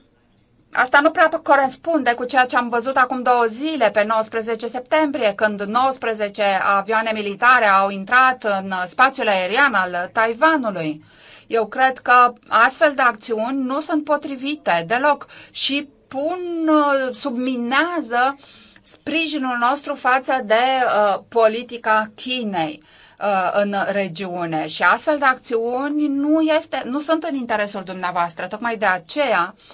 Asta nu prea corespunde cu ceea ce am văzut acum două zile, pe 19 septembrie, când 19 avioane militare au intrat în uh, spațiul aerian al Taiwanului. Eu cred că astfel de acțiuni nu sunt potrivite deloc și pun, uh, subminează sprijinul nostru față de uh, politica Chinei uh, în regiune și astfel de acțiuni nu, este, nu sunt în interesul dumneavoastră. Tocmai de aceea uh,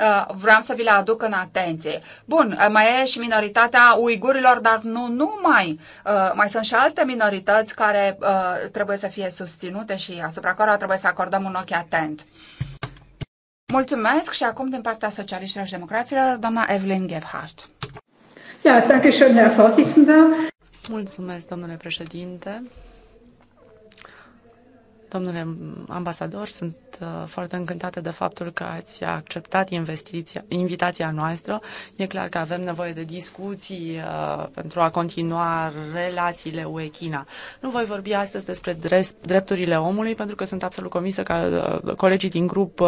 Uh, vreau să vi le aduc în atenție. Bun, uh, mai e și minoritatea uigurilor, dar nu numai. Uh, mai sunt și alte minorități care trebuie să fie susținute și asupra cărora trebuie să acordăm un ochi atent. Mulțumesc și acum din partea Socialiștilor și Democraților, doamna Evelyn Gebhardt. Ja, danke schön, Herr Vorsitzender. Mulțumesc, domnule președinte. Domnule ambasador, sunt uh, foarte încântată de faptul că ați acceptat invitația noastră. E clar că avem nevoie de discuții uh, pentru a continua relațiile UE-China. Nu voi vorbi astăzi despre drepturile omului, pentru că sunt absolut convinsă că uh, colegii din grup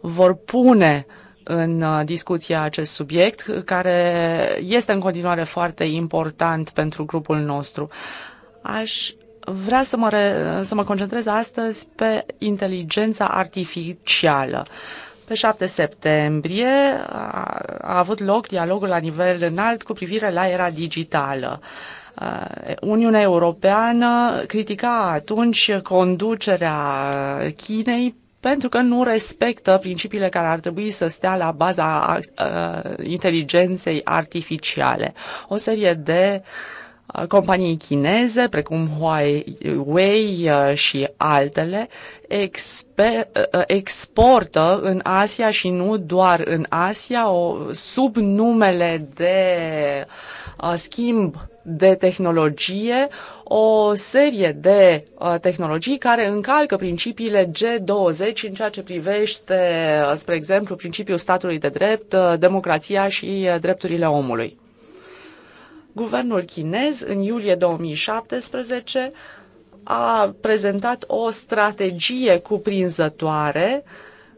vor pune în discuția acest subiect, care este în continuare foarte important pentru grupul nostru. Aș vrea să mă, re, să mă concentrez astăzi pe inteligența artificială. Pe 7 septembrie a, a avut loc dialogul la nivel înalt cu privire la era digitală. Uniunea Europeană critica atunci conducerea Chinei pentru că nu respectă principiile care ar trebui să stea la baza inteligenței artificiale. O serie de uh, companii chineze, precum Huawei uh, și altele, uh, uh, exportă în Asia și nu doar în Asia, o, sub numele de schimb de tehnologie, o serie de tehnologii care încalcă principiile G20 în ceea ce privește, spre exemplu, principiul statului de drept, democrația și drepturile omului. Guvernul chinez, în iulie 2017, a prezentat o strategie cuprinzătoare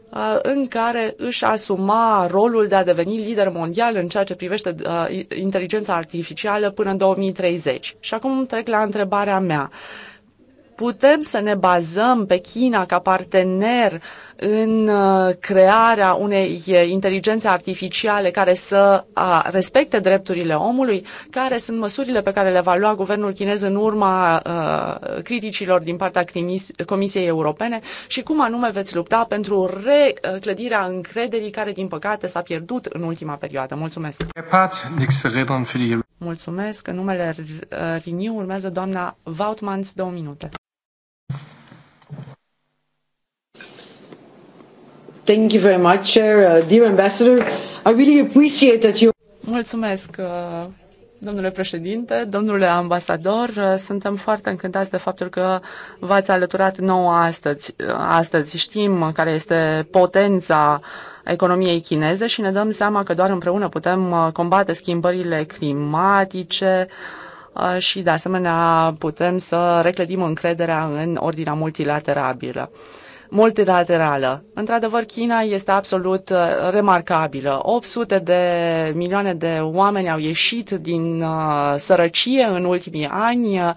uh, în care își asuma rolul de a deveni lider mondial în ceea ce privește uh, inteligența artificială până în 2030. Și acum trec la întrebarea mea putem să ne bazăm pe China ca partener în uh, crearea unei uh, inteligențe artificiale care să uh, respecte drepturile omului, care sunt măsurile pe care le va lua guvernul chinez în urma criticilor din partea Comisiei Europene și cum anume veți lupta pentru reclădirea încrederii care, din păcate, s-a pierdut în ultima perioadă. Mulțumesc! Mulțumesc. În numele Riniu uh, urmează doamna Vautmans, două minute. Thank you very much, Chair. Uh, dear Ambassador, I really appreciate that you... Mulțumesc, uh Domnule președinte, domnule ambasador, uh, suntem foarte încântați de faptul că v-ați alăturat nouă astăzi. Uh, astăzi știm care este potența economiei chineze și ne dăm seama că doar împreună putem uh, combate schimbările climatice și, de asemenea, putem să reclădim încrederea în ordinea multilaterabilă multilaterală. Într-adevăr, China este absolut uh, remarcabilă. 800 de milioane de oameni au ieșit din uh, sărăcie în ultimii ani uh,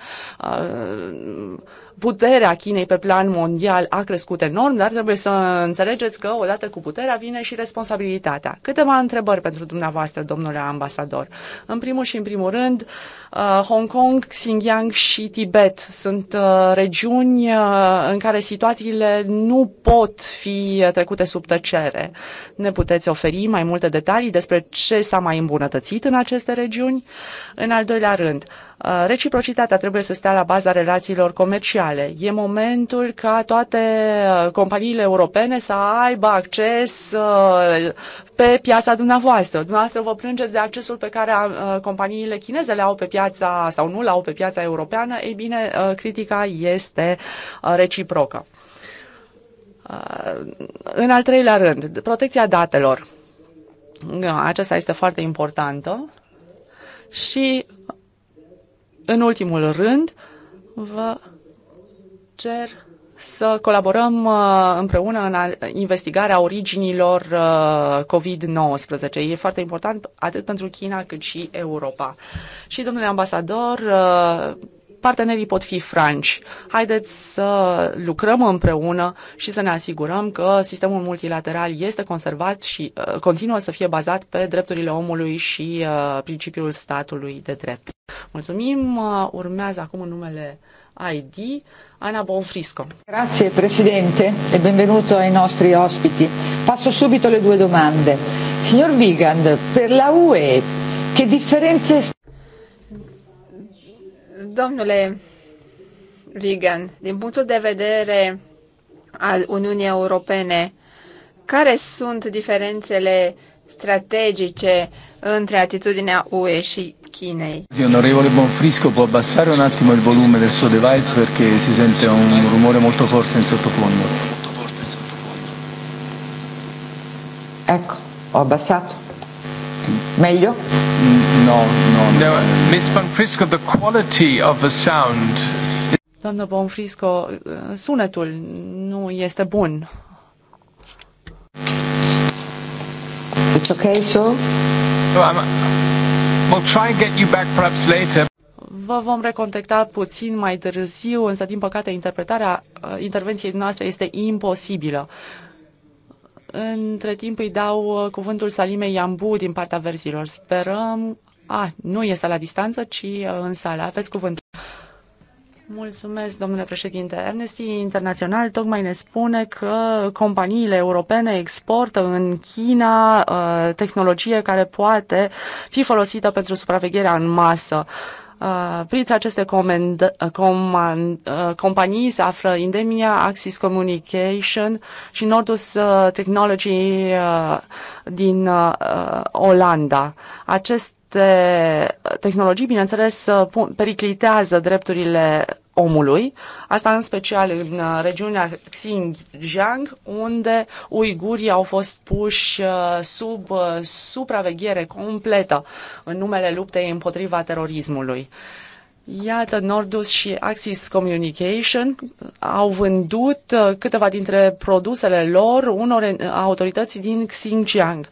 puterea Chinei pe plan mondial a crescut enorm, dar trebuie să înțelegeți că odată cu puterea vine și responsabilitatea. Câteva întrebări pentru dumneavoastră, domnule ambasador. În primul și în primul rând, uh, Hong Kong, Xinjiang și Tibet sunt uh, regiuni uh, în care situațiile nu pot fi trecute sub tăcere. Ne puteți oferi mai multe detalii despre ce s-a mai îmbunătățit în aceste regiuni? În al doilea rând, Reciprocitatea trebuie să stea la baza relațiilor comerciale. E momentul ca toate companiile europene să aibă acces pe piața dumneavoastră. Dumneavoastră vă plângeți de accesul pe care companiile chineze le au pe piața sau nu le au pe piața europeană. Ei bine, critica este reciprocă. În al treilea rând, protecția datelor. Aceasta este foarte importantă și în ultimul rând, vă cer să colaborăm uh, împreună în investigarea originilor uh, COVID-19. E foarte important atât pentru China cât și Europa. Și, domnule ambasador, uh, partenerii pot fi franci. Haideți să lucrăm împreună și să ne asigurăm că sistemul multilateral este conservat și uh, continuă să fie bazat pe drepturile omului și uh, principiul statului de drept. Mulțumim. Uh, urmează acum în numele ID Ana Bonfrisco. Grazie Presidente e benvenuto ai nostri ospiti. Passo subito alle due domande. Signor Vigand, per la UE che differenze Domnule Vigan, din punctul de vedere al Uniunii Europene, care sunt diferențele strategice între atitudinea UE și Chinei? Onorevole Bonfrisco, può abbassare un attimo il volume del suo device perché si sente un rumore molto forte in sottofondo. Ecco, ho abbassato meglio? No, no. no Miss Panfrisco, the quality of the sound... Doamna Panfrisco, sunetul nu este bun. It's okay, so? No, we'll try and get you back perhaps later. Vă vom recontacta puțin mai târziu, însă din păcate interpretarea uh, intervenției noastre este imposibilă. Între timp îi dau uh, cuvântul Salimei Iambu din partea verzilor. Sperăm... A, nu este la distanță, ci uh, în sală. Aveți cuvântul. Mulțumesc, domnule președinte. Amnesty International tocmai ne spune că companiile europene exportă în China uh, tehnologie care poate fi folosită pentru supravegherea în masă. Uh, Uh, printre aceste comand, uh, comand, uh, companii se află Indemnia, Axis Communication și Nordus Technology din Olanda. Aceste tehnologii, bineînțeles, periclitează drepturile omului, asta în special în uh, regiunea Xinjiang, unde uigurii au fost puși uh, sub uh, supraveghere completă în numele luptei împotriva terorismului. Iată, Nordus și Axis Communication au vândut câteva dintre produsele lor unor autorități din Xinjiang. Uh,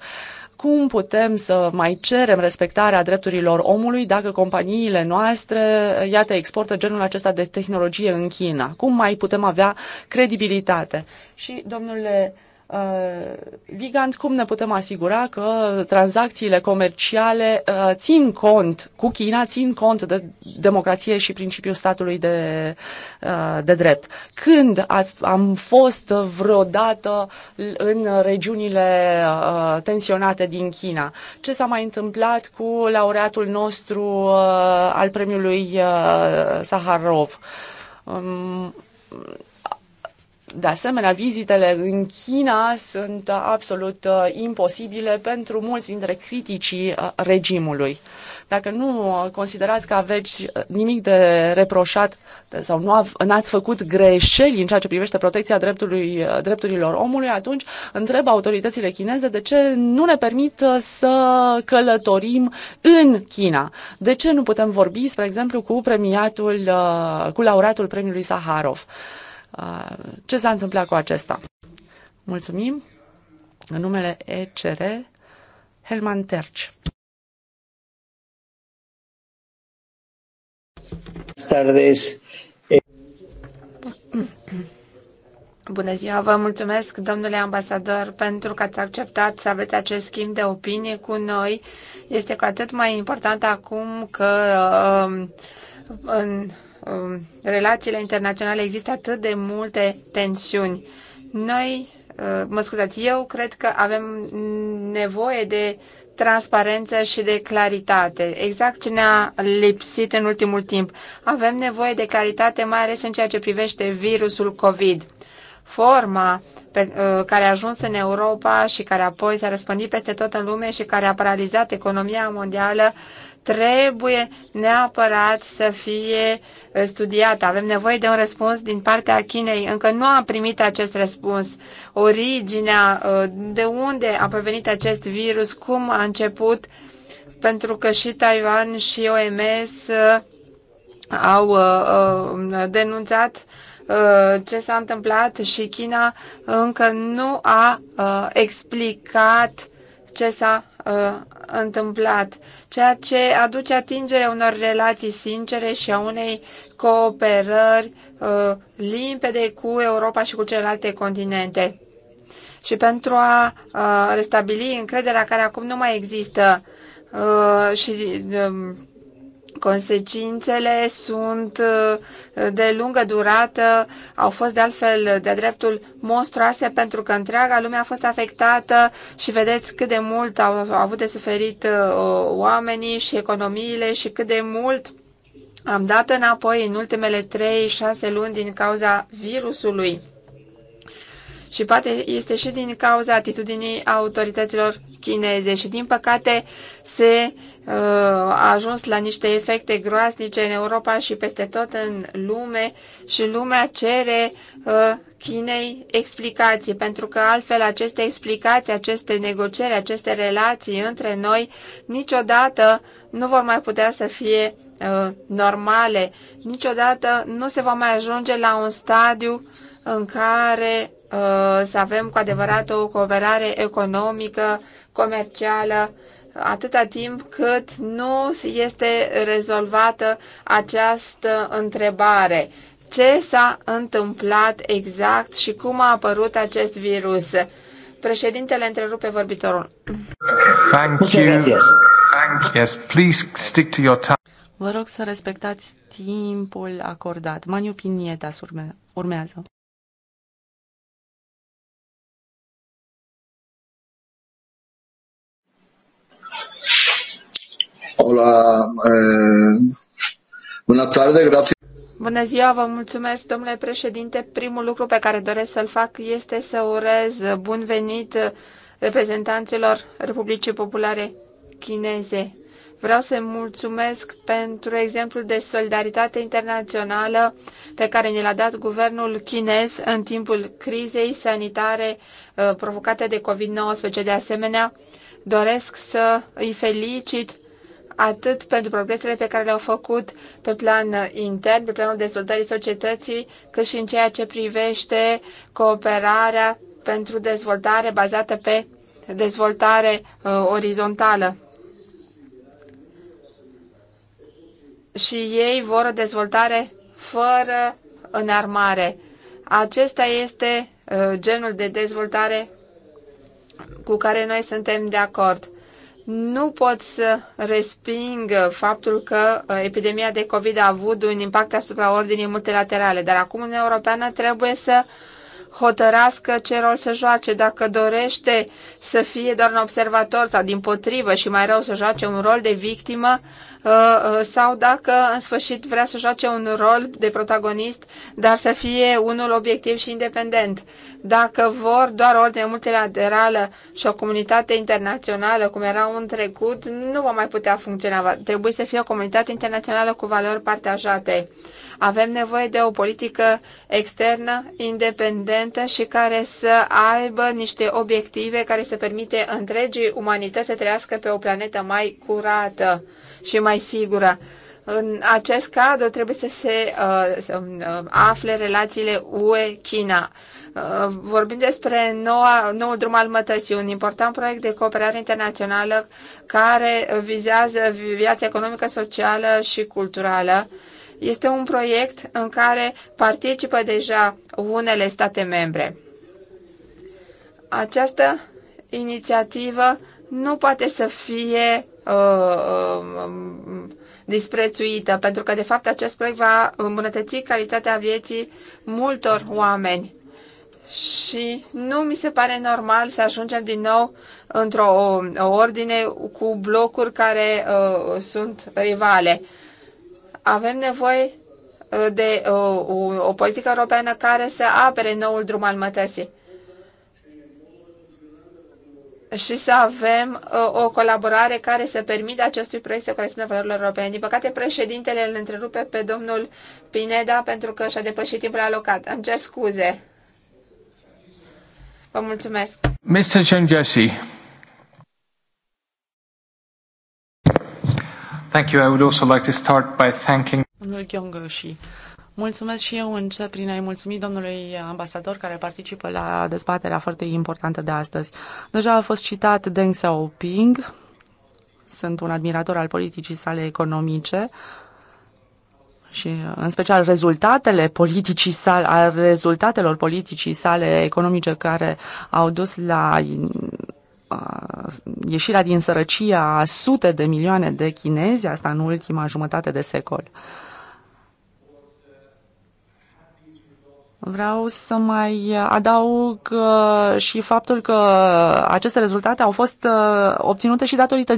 cum putem să mai cerem respectarea drepturilor omului dacă companiile noastre, iată, exportă genul acesta de tehnologie în China? Cum mai putem avea credibilitate? Și, domnule Vigand, uh, cum ne putem asigura că tranzacțiile comerciale uh, țin cont cu China, țin cont de democrație și principiul statului de, uh, de drept? Când ați, am fost vreodată în regiunile tensionate din China? Ce s-a mai întâmplat cu laureatul nostru al premiului Saharov? Um, de asemenea, vizitele în China sunt absolut uh, imposibile pentru mulți dintre criticii uh, regimului. Dacă nu uh, considerați că aveți nimic de reproșat sau nu ați făcut greșeli în ceea ce privește protecția dreptului, drepturilor omului, atunci întreb autoritățile chineze de ce nu ne permit să călătorim în China. De ce nu putem vorbi, spre exemplu, cu premiatul, cu laureatul premiului Saharov? Uh, ce s-a întâmplat cu acesta? Mulțumim. În numele ECR, Helman Terci. Eh, Bună ziua, vă mulțumesc, domnule ambasador, pentru că ați acceptat să aveți acest schimb de opinie cu noi. Este cu atât mai important acum că um, în Um, relațiile internaționale există atât de multe tensiuni. Noi, uh, mă scuzați, eu cred că avem nevoie de transparență și de claritate. Exact ce ne-a lipsit în ultimul timp. Avem nevoie de claritate, mai ales în ceea ce privește virusul COVID. Forma pe, uh, care a ajuns în Europa și care apoi s-a răspândit peste tot în lume și care a paralizat economia mondială uh, trebuie neapărat să fie uh, studiată. Avem nevoie de un răspuns din partea Chinei. Încă nu am primit acest răspuns. Originea, uh, de unde a provenit acest virus, cum a început, pentru că și Taiwan și OMS uh, au denunțat ce s-a întâmplat și China încă nu a explicat ce s-a întâmplat ceea ce aduce atingere unor relații sincere și a unei cooperări uh, limpede cu Europa și cu celelalte continente. Și pentru a uh, restabili încrederea care acum nu mai există uh, și uh, Consecințele sunt uh, de lungă durată, au fost de altfel uh, de dreptul monstruoase pentru că întreaga lume a fost afectată și vedeți cât de mult au, avut de suferit uh, oamenii și economiile și cât de mult am dat înapoi în ultimele 3-6 luni din cauza virusului. Și poate este și din cauza atitudinii autorităților chineze și din păcate se uh, a ajuns la niște efecte groaznice în Europa și peste tot în lume și lumea cere uh, Chinei explicații, pentru că altfel aceste explicații, aceste negocieri, aceste relații între noi niciodată nu vor mai putea să fie uh, normale. Niciodată nu se va mai ajunge la un stadiu în care Uh, să avem cu adevărat o cooperare economică, comercială, atâta timp cât nu este rezolvată această întrebare. Ce s-a întâmplat exact și cum a apărut acest virus? Președintele întrerupe vorbitorul. Thank you. Thank yes, please stick to your time. Vă rog să respectați timpul acordat. Maniu Pinieta urmează. Hola, eh, buenas tardes, gracias. Bună ziua, vă mulțumesc, domnule președinte. Primul lucru pe care doresc să-l fac este să urez bun venit reprezentanților Republicii Populare Chineze. Vreau să mulțumesc pentru exemplul de solidaritate internațională pe care ne l-a dat guvernul chinez în timpul crizei sanitare eh, provocate de COVID-19. De asemenea, doresc să îi felicit atât pentru progresele pe care le-au făcut pe plan intern, pe planul dezvoltării societății, cât și în ceea ce privește cooperarea pentru dezvoltare bazată pe dezvoltare uh, orizontală. Și ei vor o dezvoltare fără înarmare. Acesta este uh, genul de dezvoltare cu care noi suntem de acord. Nu pot să resping faptul că uh, epidemia de COVID a avut un impact asupra ordinii multilaterale, dar acum Uniunea Europeană trebuie să hotărască ce rol să joace, dacă dorește să fie doar un observator sau din potrivă și mai rău să joace un rol de victimă Uh, uh, sau dacă în sfârșit vrea să joace un rol de protagonist, dar să fie unul obiectiv și independent. Dacă vor doar ordine multilaterală și o comunitate internațională, cum era un trecut, nu va mai putea funcționa. Trebuie să fie o comunitate internațională cu valori partajate. Avem nevoie de o politică externă, independentă și care să aibă niște obiective care să permite întregii umanități să trăiască pe o planetă mai curată și mai sigură. În acest cadru trebuie să se uh, să, uh, afle relațiile UE-China. Uh, vorbim despre noua, noul drum al mătăsii, un important proiect de cooperare internațională care vizează viața economică, socială și culturală. Este un proiect în care participă deja unele state membre. Această inițiativă nu poate să fie Uh, um, disprețuită, pentru că, de fapt, acest proiect va îmbunătăți calitatea vieții multor oameni. Și nu mi se pare normal să ajungem din nou într-o ordine cu blocuri care uh, sunt rivale. Avem nevoie uh, de uh, o, o politică europeană care să apere noul drum al mătăsii și să avem uh, o colaborare care să permită acestui proiect să corespundă valorilor europene. Din păcate, președintele îl întrerupe pe domnul Pineda pentru că și-a depășit timpul alocat. Îmi cer scuze. Vă mulțumesc. Mr. Jesse. Thank you. I would also like to start by thanking Mulțumesc și eu încep prin a-i mulțumi domnului ambasador care participă la dezbaterea foarte importantă de astăzi. Deja a fost citat Deng Xiaoping, sunt un admirator al politicii sale economice și în special rezultatele politicii sale, a rezultatelor politicii sale economice care au dus la uh, ieșirea din sărăcie a sute de milioane de chinezi, asta în ultima jumătate de secol. Vreau să mai adaug uh, și faptul că aceste rezultate au fost uh, obținute și datorită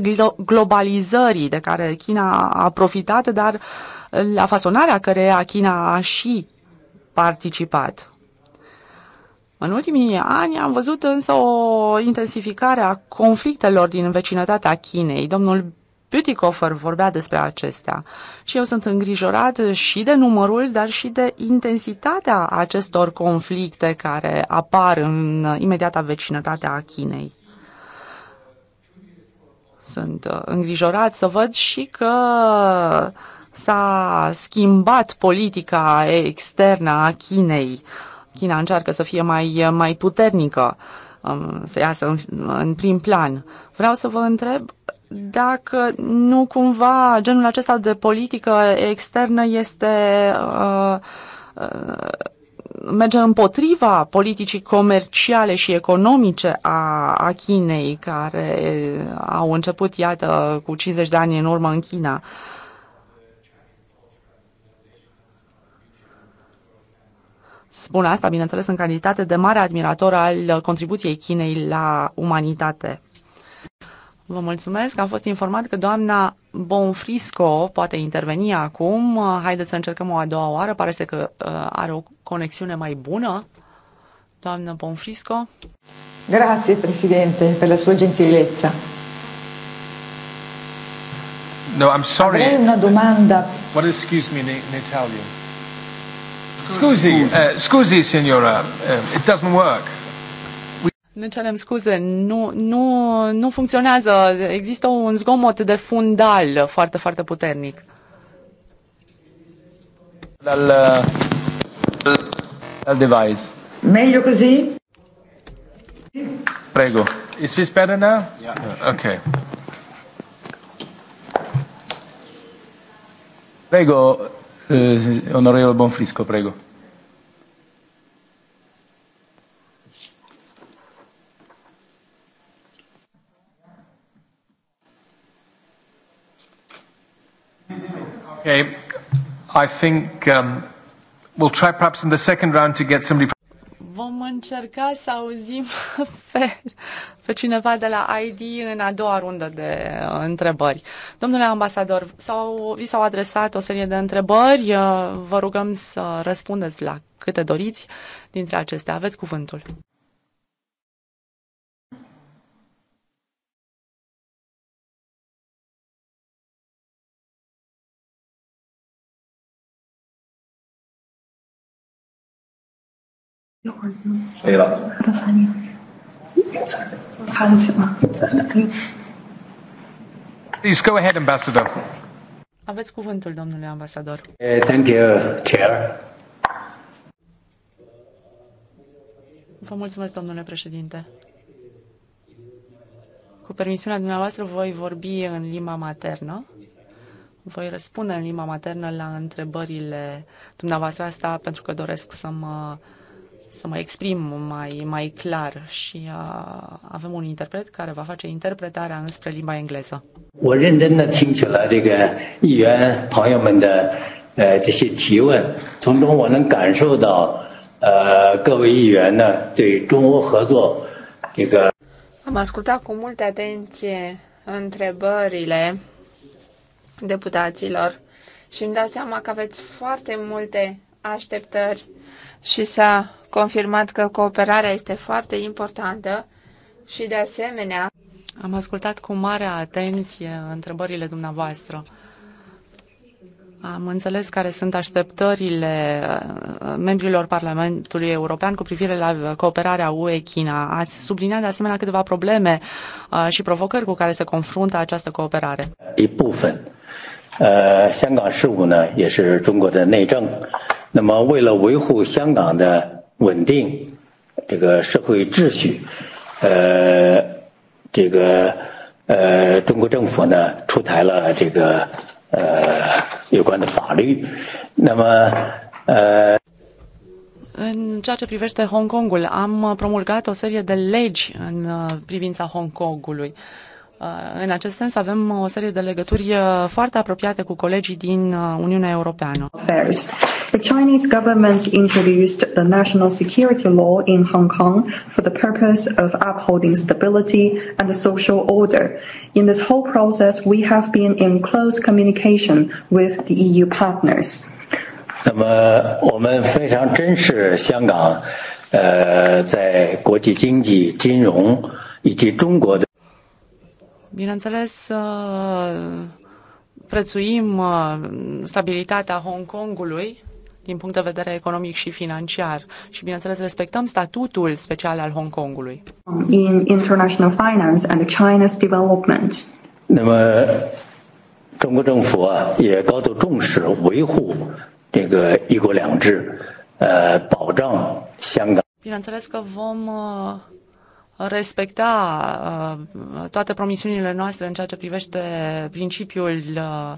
globalizării de care China a profitat, dar la fasonarea căreia China a și participat. În ultimii ani am văzut însă o intensificare a conflictelor din vecinătatea Chinei. Domnul Bütikofer vorbea despre acestea și eu sunt îngrijorat și de numărul, dar și de intensitatea acestor conflicte care apar în imediata vecinătate a Chinei. Sunt uh, îngrijorat să văd și că s-a schimbat politica externă a Chinei. China încearcă să fie mai, mai puternică, um, să iasă în, în prim plan. Vreau să vă întreb dacă nu cumva genul acesta de politică externă este uh, uh, merge împotriva politicii comerciale și economice a, a Chinei, care au început, iată, cu 50 de ani în urmă în China. Spun asta, bineînțeles, în calitate de mare admirator al contribuției Chinei la umanitate. Vă mulțumesc. Am fost informat că doamna Bonfrisco poate interveni acum. Haideți să încercăm o a doua oară. Pare să că uh, are o conexiune mai bună. Doamna Bonfrisco. Grazie, Presidente, per la sua gentilezza. No, I'm sorry. Avrei una domanda. What is, excuse me in, in Italian? Scusi, uh, scusi, signora, uh, it doesn't work. Ne cerem scuze, nu, nu, nu funcționează. Există un zgomot de fundal foarte, foarte puternic. Al, uh, al device. Meglio così? Prego. Is this better now? Yeah. Okay. Prego, eh, onorevole Bonfrisco, prego. Okay. Eh, I think um, we'll try perhaps in the second round to get somebody Vom încerca să auzim <laughs> pe, pe cineva de la ID în a doua rundă de uh, întrebări. Domnule ambasador, sau, vi s-au adresat o serie de întrebări. Uh, vă rugăm să răspundeți la câte doriți dintre acestea. Aveți cuvântul. 可以了。Please go ahead, Ambassador. Aveți cuvântul, domnule ambasador. Uh, thank you, Chair. Vă mulțumesc, domnule președinte. Cu permisiunea dumneavoastră, voi vorbi în limba maternă. Voi răspunde în limba maternă la întrebările dumneavoastră asta pentru că doresc să mă să mă exprim mai, mai clar și a, uh, avem un interpret care va face interpretarea înspre limba engleză. Am ascultat cu multă atenție întrebările deputaților și îmi dau seama că aveți foarte multe așteptări și să confirmat că cooperarea este foarte importantă și, de asemenea, am ascultat cu mare atenție întrebările dumneavoastră. Am înțeles care sunt așteptările uh, membrilor Parlamentului European cu privire la cooperarea UE-China. Ați subliniat de asemenea câteva probleme uh, și provocări cu care se confruntă această cooperare. 稳定这个社会秩序，呃，这个呃，中国政府呢出台了这个呃有关的法律，那么呃。În ceea ce privește Hong Kongul, am promulgat o serie de legi în uh, privința Hong Kongului. Uh, în acest sens avem o serie de legături uh, foarte apropiate cu colegii din Uniunea Europeană. The Chinese government introduced the national security law in Hong Kong for the purpose of upholding stability and the social order. In this whole process, we have been in close communication with the EU partners. 那么，我们非常珍视香港，呃，在国际经济、金融以及中国的。Bineînțeles, uh, prețuim uh, stabilitatea Hong Kongului din punct de vedere economic și financiar și, bineînțeles, respectăm statutul special al Hong Kongului. In international finance and China's development. 那么，中国政府啊也高度重视维护这个“一国两制”，呃，保障香港。Bineînțeles că vom uh, respecta uh, toate promisiunile noastre în ceea ce privește principiul uh,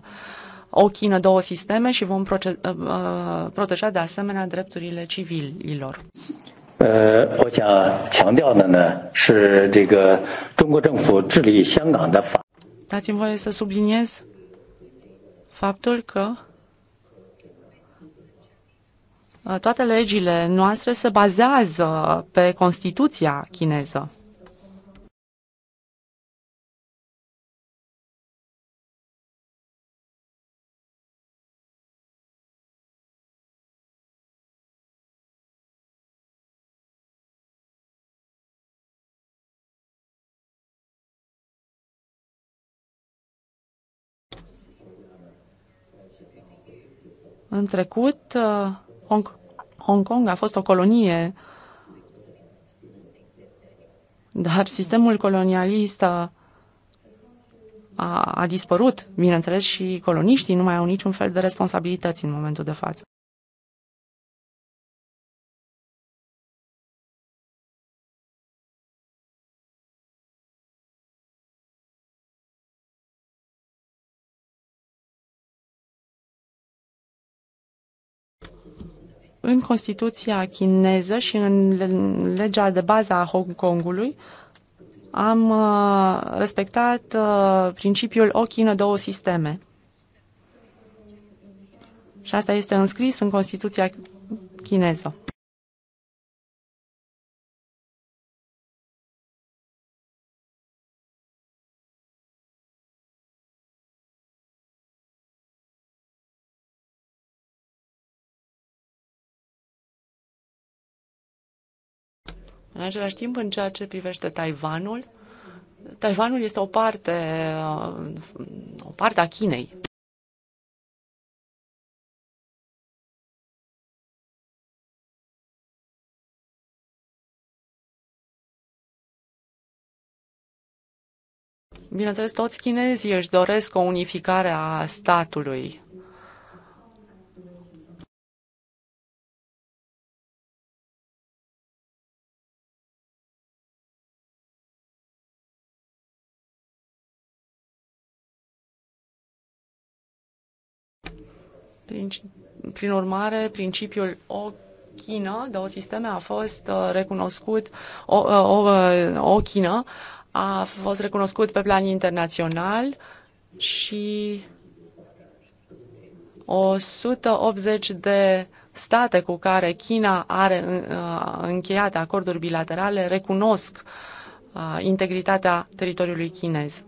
o chină, două sisteme și vom uh, uh, proteja de asemenea drepturile civililor. 呃，我想强调的呢是这个中国政府治理香港的法。Dați-mi uh, voie să subliniez faptul că toate legile noastre se bazează pe Constituția chineză. În trecut, uh, Hong, Hong Kong a fost o colonie, dar sistemul colonialist a, a dispărut, bineînțeles, și coloniștii nu mai au niciun fel de responsabilități în momentul de față. în Constituția chineză și în legea de bază a Hong Kongului am uh, respectat uh, principiul o Chină, două sisteme. Și asta este înscris în Constituția chineză. În același timp, în ceea ce privește Taiwanul, Taiwanul este o parte, uh, o parte a Chinei. Bineînțeles, toți chinezii își doresc o unificare a statului. Prin, prin urmare, principiul o chină, două sisteme, a fost uh, recunoscut, o, uh, o, uh, o chină a fost recunoscut pe plan internațional și 180 de state cu care China are încheiate acorduri bilaterale recunosc integritatea teritoriului chinez.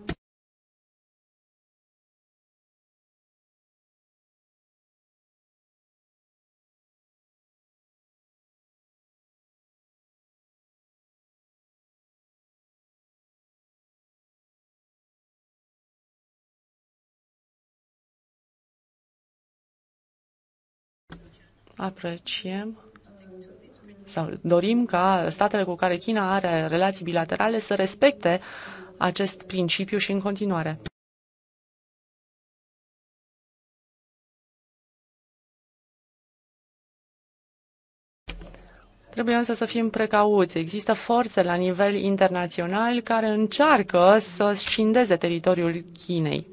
apreciem sau dorim ca statele cu care China are relații bilaterale să respecte acest principiu și în continuare. Trebuie însă să fim precauți. Există forțe la nivel internațional care încearcă să scindeze teritoriul Chinei.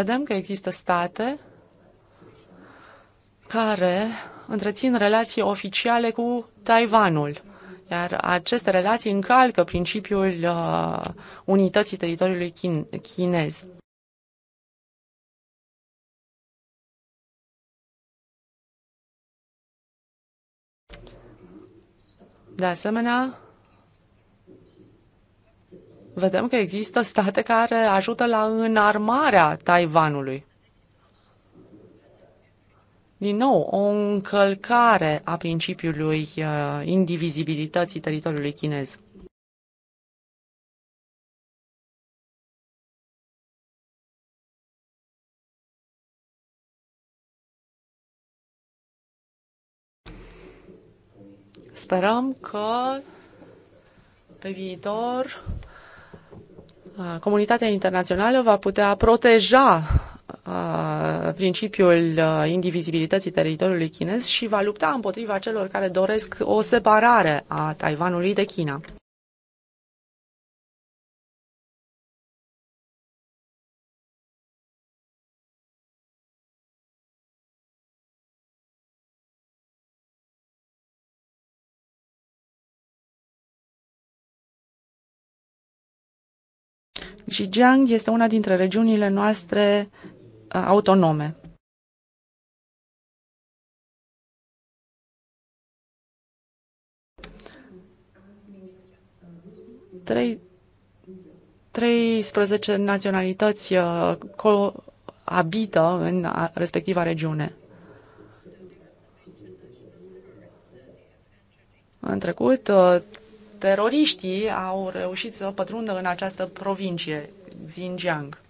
vedem că există state care întrețin relații oficiale cu Taiwanul, iar aceste relații încalcă principiul uh, unității teritoriului chin- chinez. De asemenea, vedem că există state care ajută la înarmarea Taiwanului. Din nou, o încălcare a principiului uh, indivizibilității teritoriului chinez. Sperăm că pe viitor comunitatea internațională va putea proteja principiul indivizibilității teritoriului chinez și va lupta împotriva celor care doresc o separare a Taiwanului de China. Zhejiang este una dintre regiunile noastre uh, autonome. Trei 13 naționalități uh, coabită în respectiva regiune. În trecut, uh, teroriștii au reușit să pătrundă în această provincie, Xinjiang.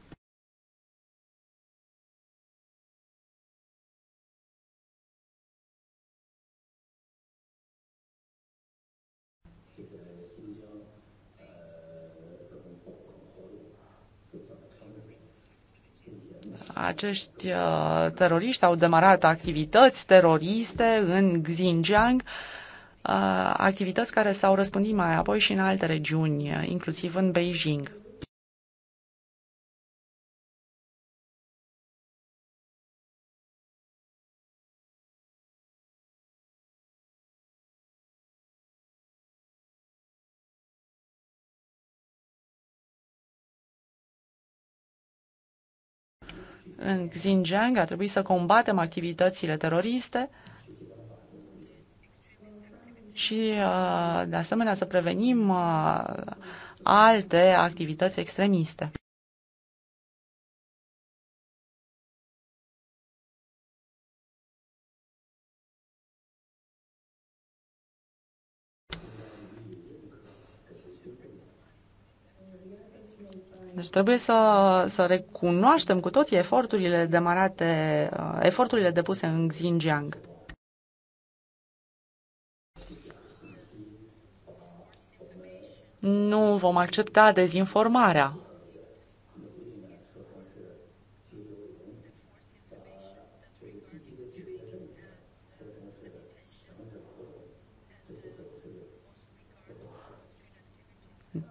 acești uh, teroriști au demarat activități teroriste în Xinjiang Uh, activități care s-au răspândit mai apoi și în alte regiuni, uh, inclusiv în Beijing. în Xinjiang, a trebuit să combatem activitățile teroriste și, uh, de asemenea, să prevenim uh, alte activități extremiste. Deci trebuie să, să recunoaștem cu toții eforturile demarate, uh, eforturile depuse în Xinjiang. Nu vom accepta dezinformarea.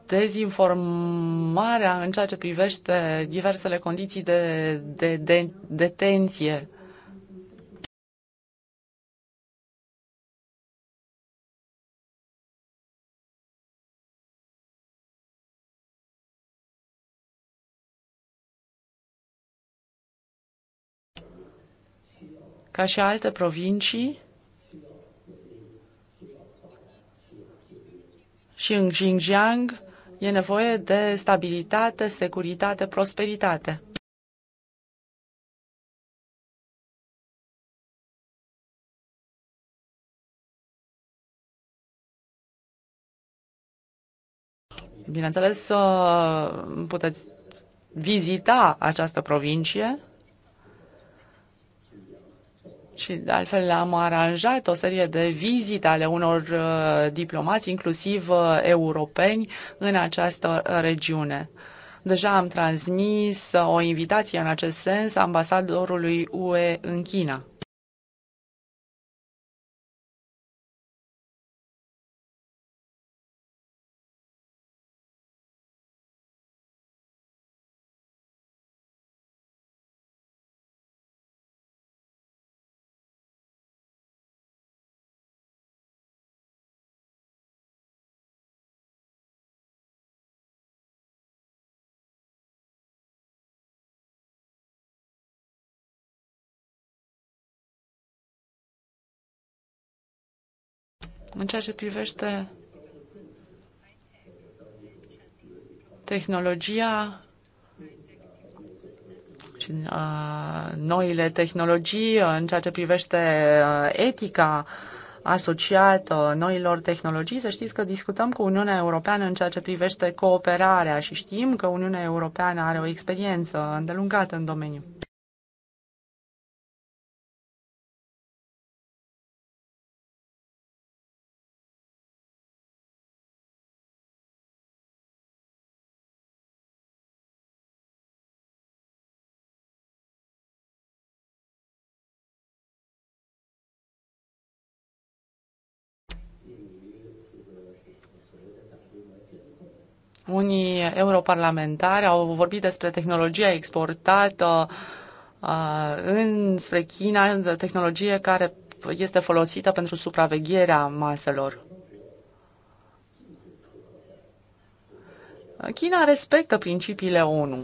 dezinformarea în ceea ce privește diversele condiții de, de, de detenție. Ca și alte provincii, și în Xinjiang e nevoie de stabilitate, securitate, prosperitate. Bineînțeles, puteți vizita această provincie și de altfel am aranjat o serie de vizite ale unor uh, diplomați, inclusiv uh, europeni, în această regiune. Deja am transmis uh, o invitație în acest sens ambasadorului UE în China. În ceea ce privește tehnologia și noile tehnologii, în ceea ce privește etica asociată noilor tehnologii, să știți că discutăm cu Uniunea Europeană în ceea ce privește cooperarea și știm că Uniunea Europeană are o experiență îndelungată în domeniu. unii europarlamentari au vorbit despre tehnologia exportată înspre China, tehnologie care este folosită pentru supravegherea maselor. China respectă principiile ONU.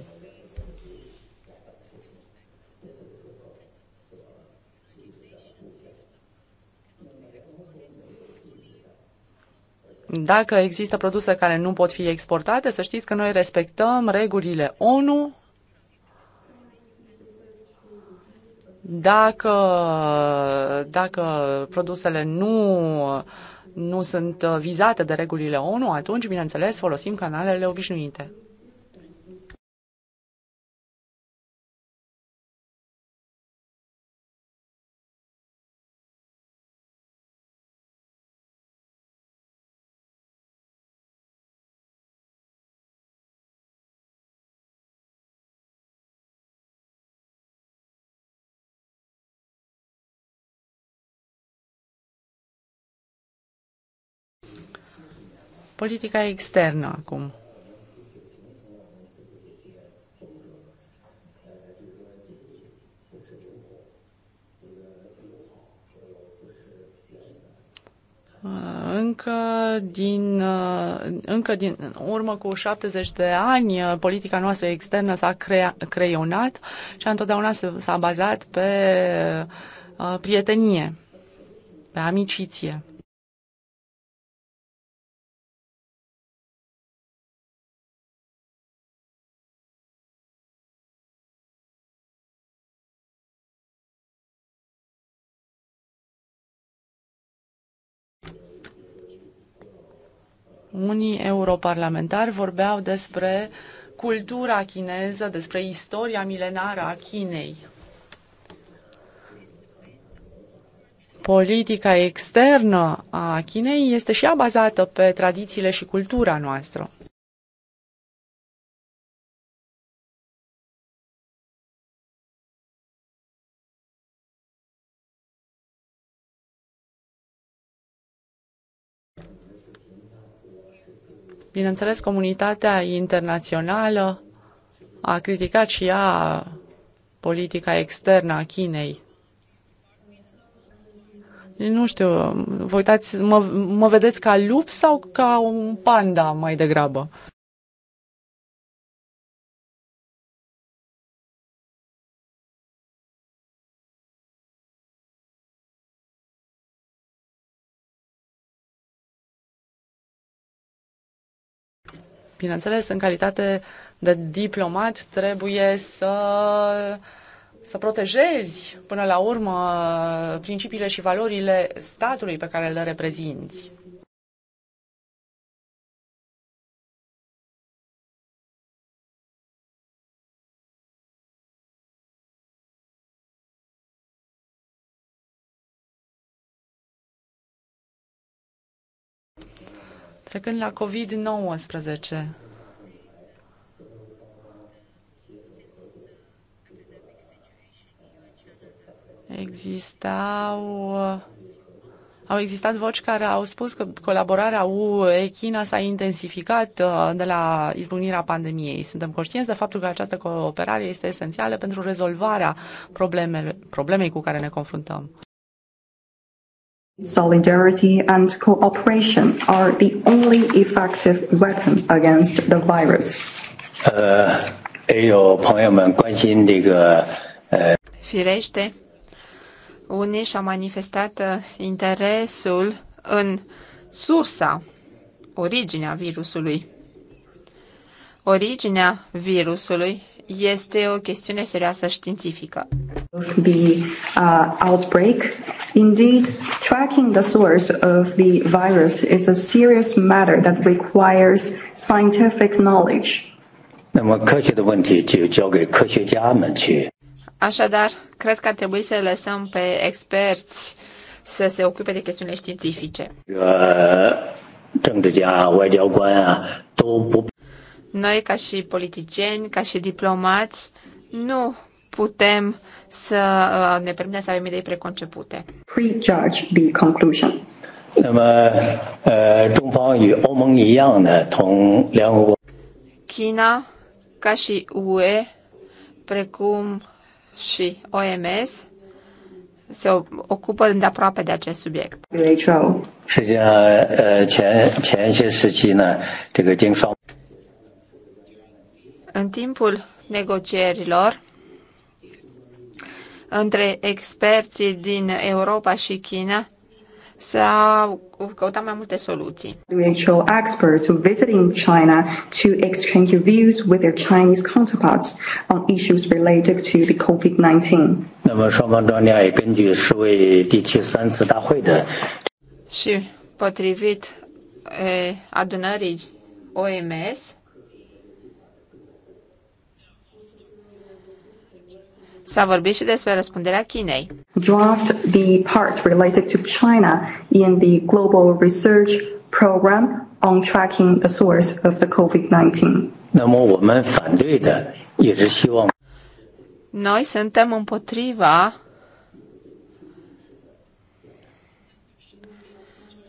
Dacă există produse care nu pot fi exportate, să știți că noi respectăm regulile ONU. Dacă, dacă produsele nu, nu sunt vizate de regulile ONU, atunci, bineînțeles, folosim canalele obișnuite. Politica externă acum. Uh, încă din, uh, încă din urmă cu 70 de ani, uh, politica noastră externă s-a crea, creionat și întotdeauna s-a bazat pe prietenie, pe amiciție. unii europarlamentari vorbeau despre cultura chineză, despre istoria milenară a Chinei. Politica externă a Chinei este și ea bazată pe tradițiile și cultura noastră. Bineînțeles, comunitatea internațională a criticat și ea politica externă a Chinei. Nu știu, vă uitați, mă, mă vedeți ca lup sau ca un panda mai degrabă? bineînțeles, în calitate de diplomat, trebuie să, să protejezi până la urmă principiile și valorile statului pe care le reprezinți. Trecând la COVID-19, existau au existat voci care au spus că colaborarea UE-China s-a intensificat uh, de la izbucnirea pandemiei. Suntem conștienți de faptul că această cooperare este esențială pentru rezolvarea problemei cu care ne confruntăm. Solidarity and cooperation are the only effective weapon against the virus. Uh, 也有朋友们关心这个呃。Firește, unii și-au manifestat uh, interesul în sursa, originea virusului. Originea virusului este o chestiune serioasă științifică. The uh, outbreak, indeed, tracking the source of the virus is a serious matter that requires scientific knowledge. 那么科学的问题就交给科学家们去。Așadar, cred că ar trebui să lăsăm pe experți să se ocupe de chestiunile științifice. Uh, 政治家、外交官啊，都不。noi, ca și politicieni, ca și diplomați, nu putem să uh, ne permitem să avem idei preconcepute. Prejudge the conclusion. 那么，呃，中方与欧盟一样呢，同联合国。China, ca și UE, precum și OMS, se ocupă de aproape de acest subiect. 实际上，呃，前前些时期呢，这个经双。în timpul negocierilor între experții din Europa și China, s-au căutat mai multe soluții. WHO experts visiting China to exchange views with their Chinese counterparts on issues related to the COVID-19. 那么双方专家也根据世卫第七三次大会的 și potrivit e, eh, adunării OMS, S-a vorbit și despre răspunderea Chinei. Draft the parts related to China in the global research program on tracking the source of the COVID-19. Noi suntem împotriva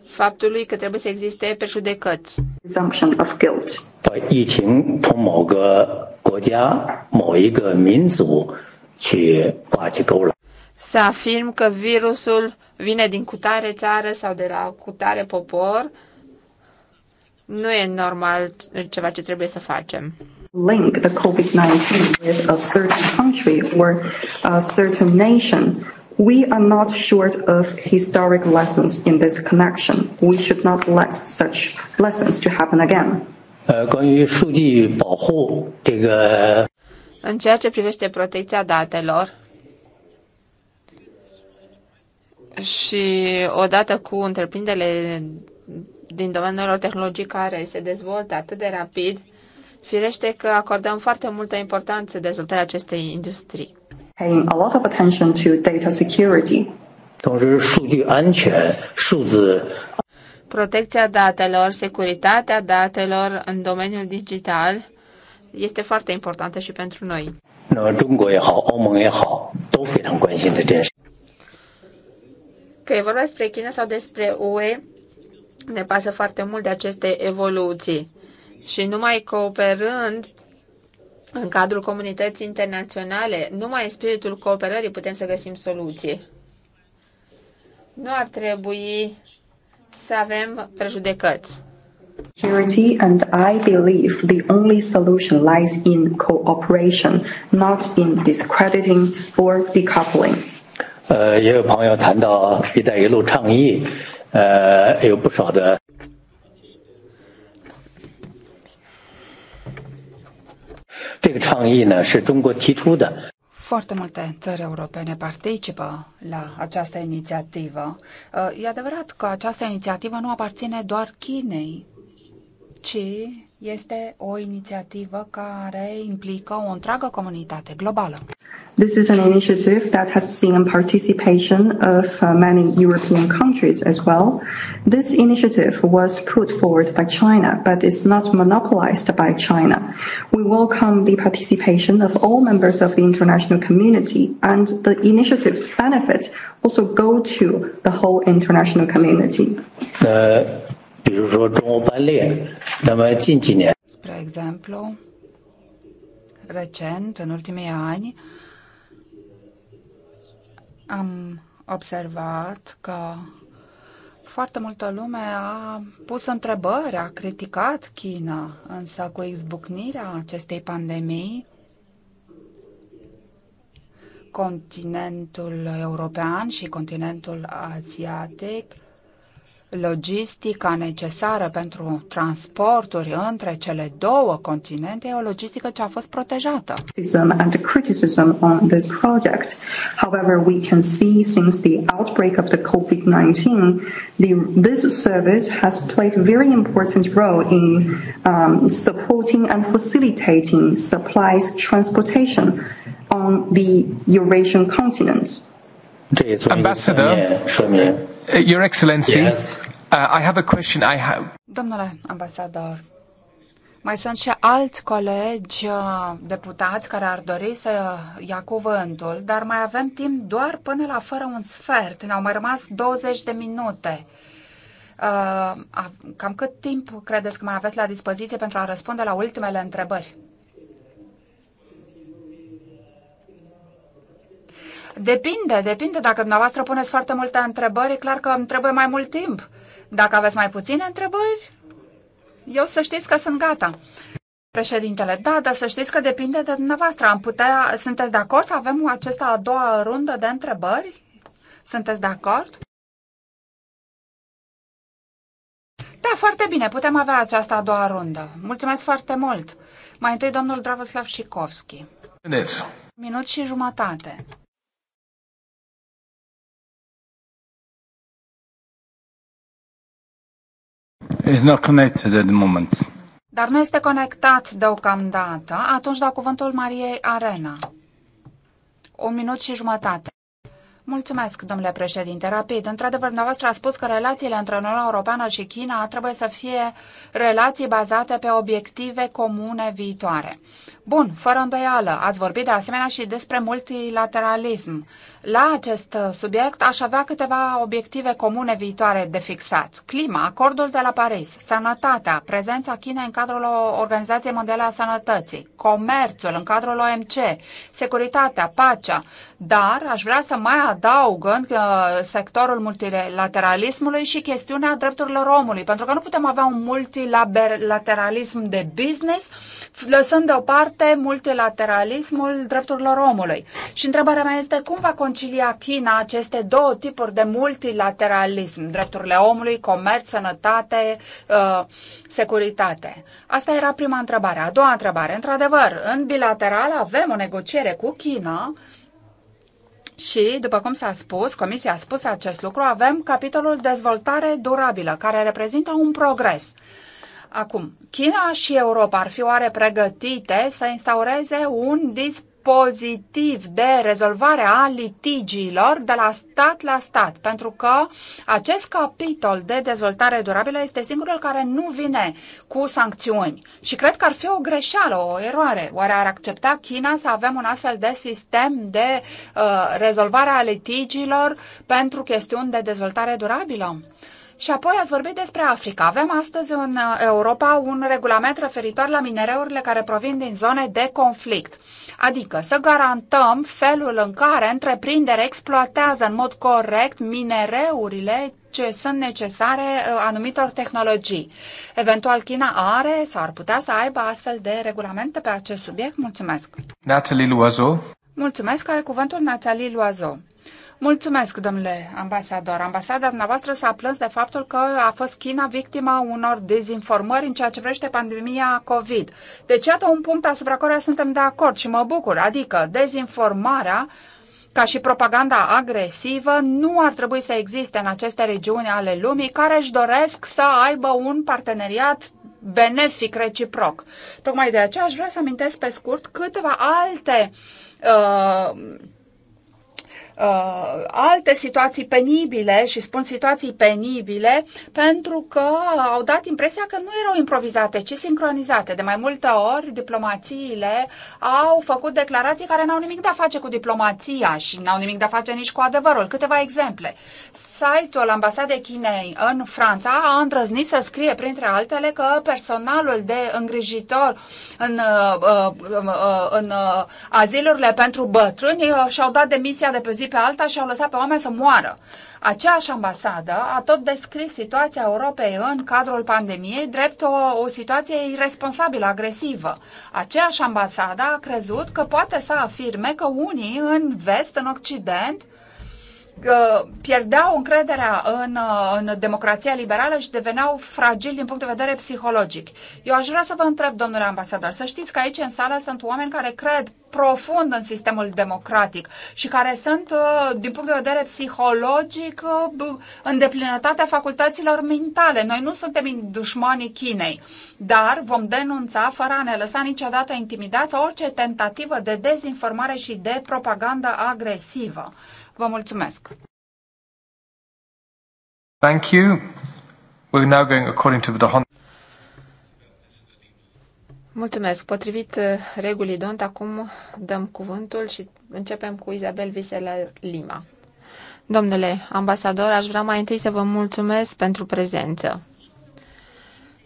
faptului că trebuie să existe prejudecăți. Presumption of guilt. 把疫情从某个国家、某一个民族 păi, să afirm că virusul vine din cutare țară sau de la cutare popor nu e normal ceva ce trebuie să facem. Link the COVID-19 with a certain country or a certain nation. We are not short of historic lessons in this connection. We should not let such lessons to happen again. 呃，关于数据保护这个。Uh, în ceea ce privește protecția datelor, și odată cu întreprinderile din domeniul tehnologic care se dezvoltă atât de rapid, firește că acordăm foarte multă importanță dezvoltării acestei industrii. Paying a lot of attention to data security. Protecția datelor, securitatea datelor în domeniul digital este foarte importantă și pentru noi. Că e vorba despre China sau despre UE, ne pasă foarte mult de aceste evoluții. Și numai cooperând în cadrul comunității internaționale, numai în spiritul cooperării putem să găsim soluții. Nu ar trebui să avem prejudecăți. Security and I believe the only solution lies in cooperation, not in discrediting or decoupling. 呃，也有朋友谈到“一带一路”倡议，呃，有不少的。这个倡议呢是中国提出的。Foarte multe țări europene participă la această inițiativă. Uh, e adevărat că această inițiativă nu aparține doar Chinei ci este o inițiativă care implică o întreagă comunitate globală. This is an initiative that has seen participation of uh, many European countries as well. This initiative was put forward by China, but is not monopolized by China. We welcome the participation of all members of the international community, and the initiative's benefits also go to the whole international community. Uh Spre exemplu, recent, în ultimii ani, am observat că foarte multă lume a pus întrebări, a criticat China, însă cu izbucnirea acestei pandemii, continentul european și continentul asiatic logistica necesară pentru transporturi între cele două continente e o logistică ce a fost protejată. and criticism on this project. However, we can see since the outbreak of the COVID-19, this service has played a very important role in um, supporting and facilitating supplies transportation on the Eurasian continent. Ambassador, Uh, Your Excellency, yes. uh, I have a question. I have... Domnule ambasador, mai sunt și alți colegi uh, deputați care ar dori să ia cuvântul, dar mai avem timp doar până la fără un sfert. Ne-au mai rămas 20 de minute. Uh, cam cât timp credeți că mai aveți la dispoziție pentru a răspunde la ultimele întrebări? Depinde, depinde. Dacă dumneavoastră puneți foarte multe întrebări, e clar că îmi trebuie mai mult timp. Dacă aveți mai puține întrebări, eu să știți că sunt gata. Președintele, da, dar să știți că depinde de dumneavoastră. Am putea, sunteți de acord să avem această a doua rundă de întrebări? Sunteți de acord? Da, foarte bine, putem avea această a doua rundă. Mulțumesc foarte mult. Mai întâi domnul Dravoslav Șikovski. Minut și jumătate. is not connected at the moment. Dar nu este conectat deocamdată. Atunci dau cuvântul Mariei Arena. Un minut și jumătate. Mulțumesc, domnule președinte. Rapid, într-adevăr, dumneavoastră a spus că relațiile între Uniunea Europeană și China trebuie să fie relații bazate pe obiective comune viitoare. Bun, fără îndoială, ați vorbit de asemenea și despre multilateralism la acest uh, subiect aș avea câteva obiective comune viitoare de fixat. Clima, acordul de la Paris, sănătatea, prezența Chinei în cadrul Organizației Mondiale a Sănătății, comerțul în cadrul OMC, securitatea, pacea, dar aș vrea să mai adaug în uh, sectorul multilateralismului și chestiunea drepturilor omului, pentru că nu putem avea un multilateralism de business lăsând deoparte multilateralismul drepturilor omului. Și întrebarea mea este cum va continua concilia China aceste două tipuri de multilateralism, drepturile omului, comerț, sănătate, uh, securitate? Asta era prima întrebare. A doua întrebare, într-adevăr, în bilateral avem o negociere cu China și, după cum s-a spus, Comisia a spus acest lucru, avem capitolul dezvoltare durabilă, care reprezintă un progres. Acum, China și Europa ar fi oare pregătite să instaureze un dispozitiv pozitiv de rezolvare a litigiilor de la stat la stat, pentru că acest capitol de dezvoltare durabilă este singurul care nu vine cu sancțiuni. Și cred că ar fi o greșeală, o eroare. Oare ar accepta China să avem un astfel de sistem de uh, rezolvare a litigiilor pentru chestiuni de dezvoltare durabilă? Și apoi ați vorbit despre Africa. Avem astăzi în uh, Europa un regulament referitor la minereurile care provin din zone de conflict. Adică să garantăm felul în care întreprindere exploatează în mod corect minereurile ce sunt necesare uh, anumitor tehnologii. Eventual China are sau ar putea să aibă astfel de regulamente pe acest subiect. Mulțumesc! Natalie Loiseau. Mulțumesc, are cuvântul Natalie Loiseau. Mulțumesc, domnule ambasador. Ambasada dumneavoastră s-a plâns de faptul că a fost China victima unor dezinformări în ceea ce privește pandemia COVID. Deci, iată un punct asupra căruia suntem de acord și mă bucur, adică dezinformarea ca și propaganda agresivă, nu ar trebui să existe în aceste regiuni ale lumii care își doresc să aibă un parteneriat benefic reciproc. Tocmai de aceea aș vrea să amintesc pe scurt câteva alte uh, uh, alte situații penibile și spun situații penibile pentru că au dat impresia că nu erau improvizate, ci sincronizate. De mai multe ori, diplomațiile au făcut declarații care n-au nimic de a face cu diplomația și n-au nimic de a face nici cu adevărul. Câteva exemple. Site-ul Ambasadei Chinei în Franța a îndrăznit să scrie, printre altele, că personalul de îngrijitor în, uh, uh, uh, uh în uh, azilurile pentru bătrâni uh, și-au dat demisia de pe zi zi pe alta și au lăsat pe oameni să moară. Aceeași ambasadă a tot descris situația Europei în cadrul pandemiei drept o, o situație irresponsabilă, agresivă. Aceeași ambasadă a crezut că poate să afirme că unii în vest, în Occident, pierdeau încrederea în, în democrația liberală și deveneau fragili din punct de vedere psihologic. Eu aș vrea să vă întreb, domnule ambasador, să știți că aici în sală sunt oameni care cred profund în sistemul democratic și care sunt, uh, din punct de vedere psihologic, uh, în deplinătatea facultăților mentale. Noi nu suntem dușmanii Chinei, dar vom denunța fără a ne lăsa niciodată intimidați orice tentativă de dezinformare și de propagandă agresivă. Vă mulțumesc! Thank you. We're now going according to the Mulțumesc. Potrivit uh, regulii DONT, acum dăm cuvântul și începem cu Isabel Visela Lima. Domnule ambasador, aș vrea mai întâi să vă mulțumesc pentru prezență.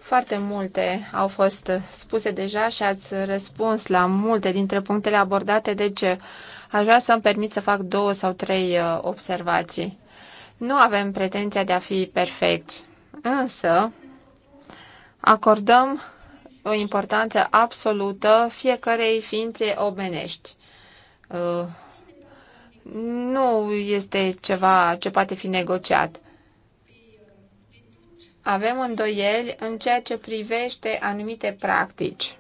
Foarte multe au fost spuse deja și ați răspuns la multe dintre punctele abordate, deci aș vrea să-mi permit să fac două sau trei uh, observații. Nu avem pretenția de a fi perfecți, însă acordăm o importanță absolută fiecarei ființe omenești. Uh, nu este ceva ce poate fi negociat. Avem îndoieli în ceea ce privește anumite practici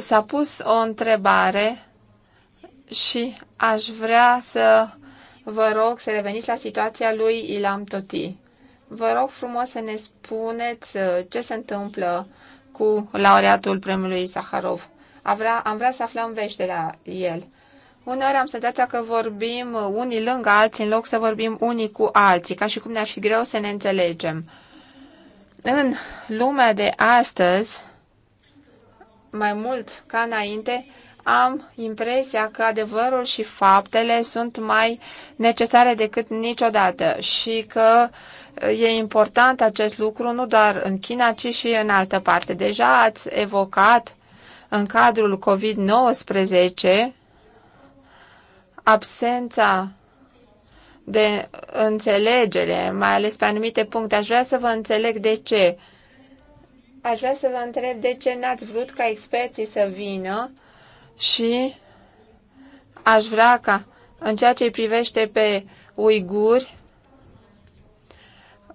s-a pus o întrebare și aș vrea să vă rog să reveniți la situația lui Ilam Toti. Vă rog frumos să ne spuneți uh, ce se întâmplă cu laureatul premiului Saharov. Am vrea, am vrea să aflăm vești de la el. Uneori am senzația că vorbim uh, unii lângă alții în loc să vorbim unii cu alții, ca și cum ne-ar fi greu să ne înțelegem. În lumea de astăzi, mai mult ca înainte, am impresia că adevărul și faptele sunt mai necesare decât niciodată și că e important acest lucru nu doar în China, ci și în altă parte. Deja ați evocat în cadrul COVID-19 absența de înțelegere, mai ales pe anumite puncte. Aș vrea să vă înțeleg de ce aș vrea să vă întreb de ce n-ați vrut ca experții să vină și aș vrea ca în ceea ce privește pe uiguri,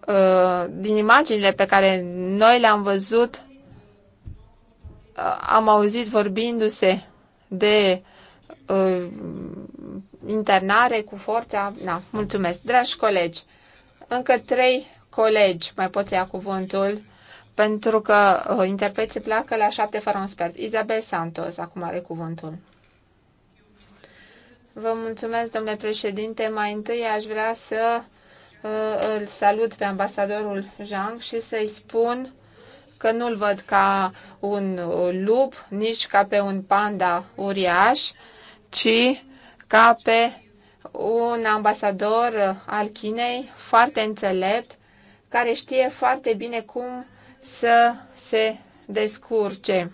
uh, din imaginile pe care noi le-am văzut, uh, am auzit vorbindu-se de uh, internare cu forța. Na, mulțumesc, dragi colegi. Încă trei colegi mai pot ia cuvântul pentru că uh, interpreții pleacă la șapte fără un sfert. Isabel Santos acum are cuvântul. Vă mulțumesc, domnule președinte. Mai întâi aș vrea să uh, îl salut pe ambasadorul Zhang și să-i spun că nu-l văd ca un uh, lup, nici ca pe un panda uriaș, ci ca pe un ambasador al Chinei foarte înțelept, care știe foarte bine cum să se descurce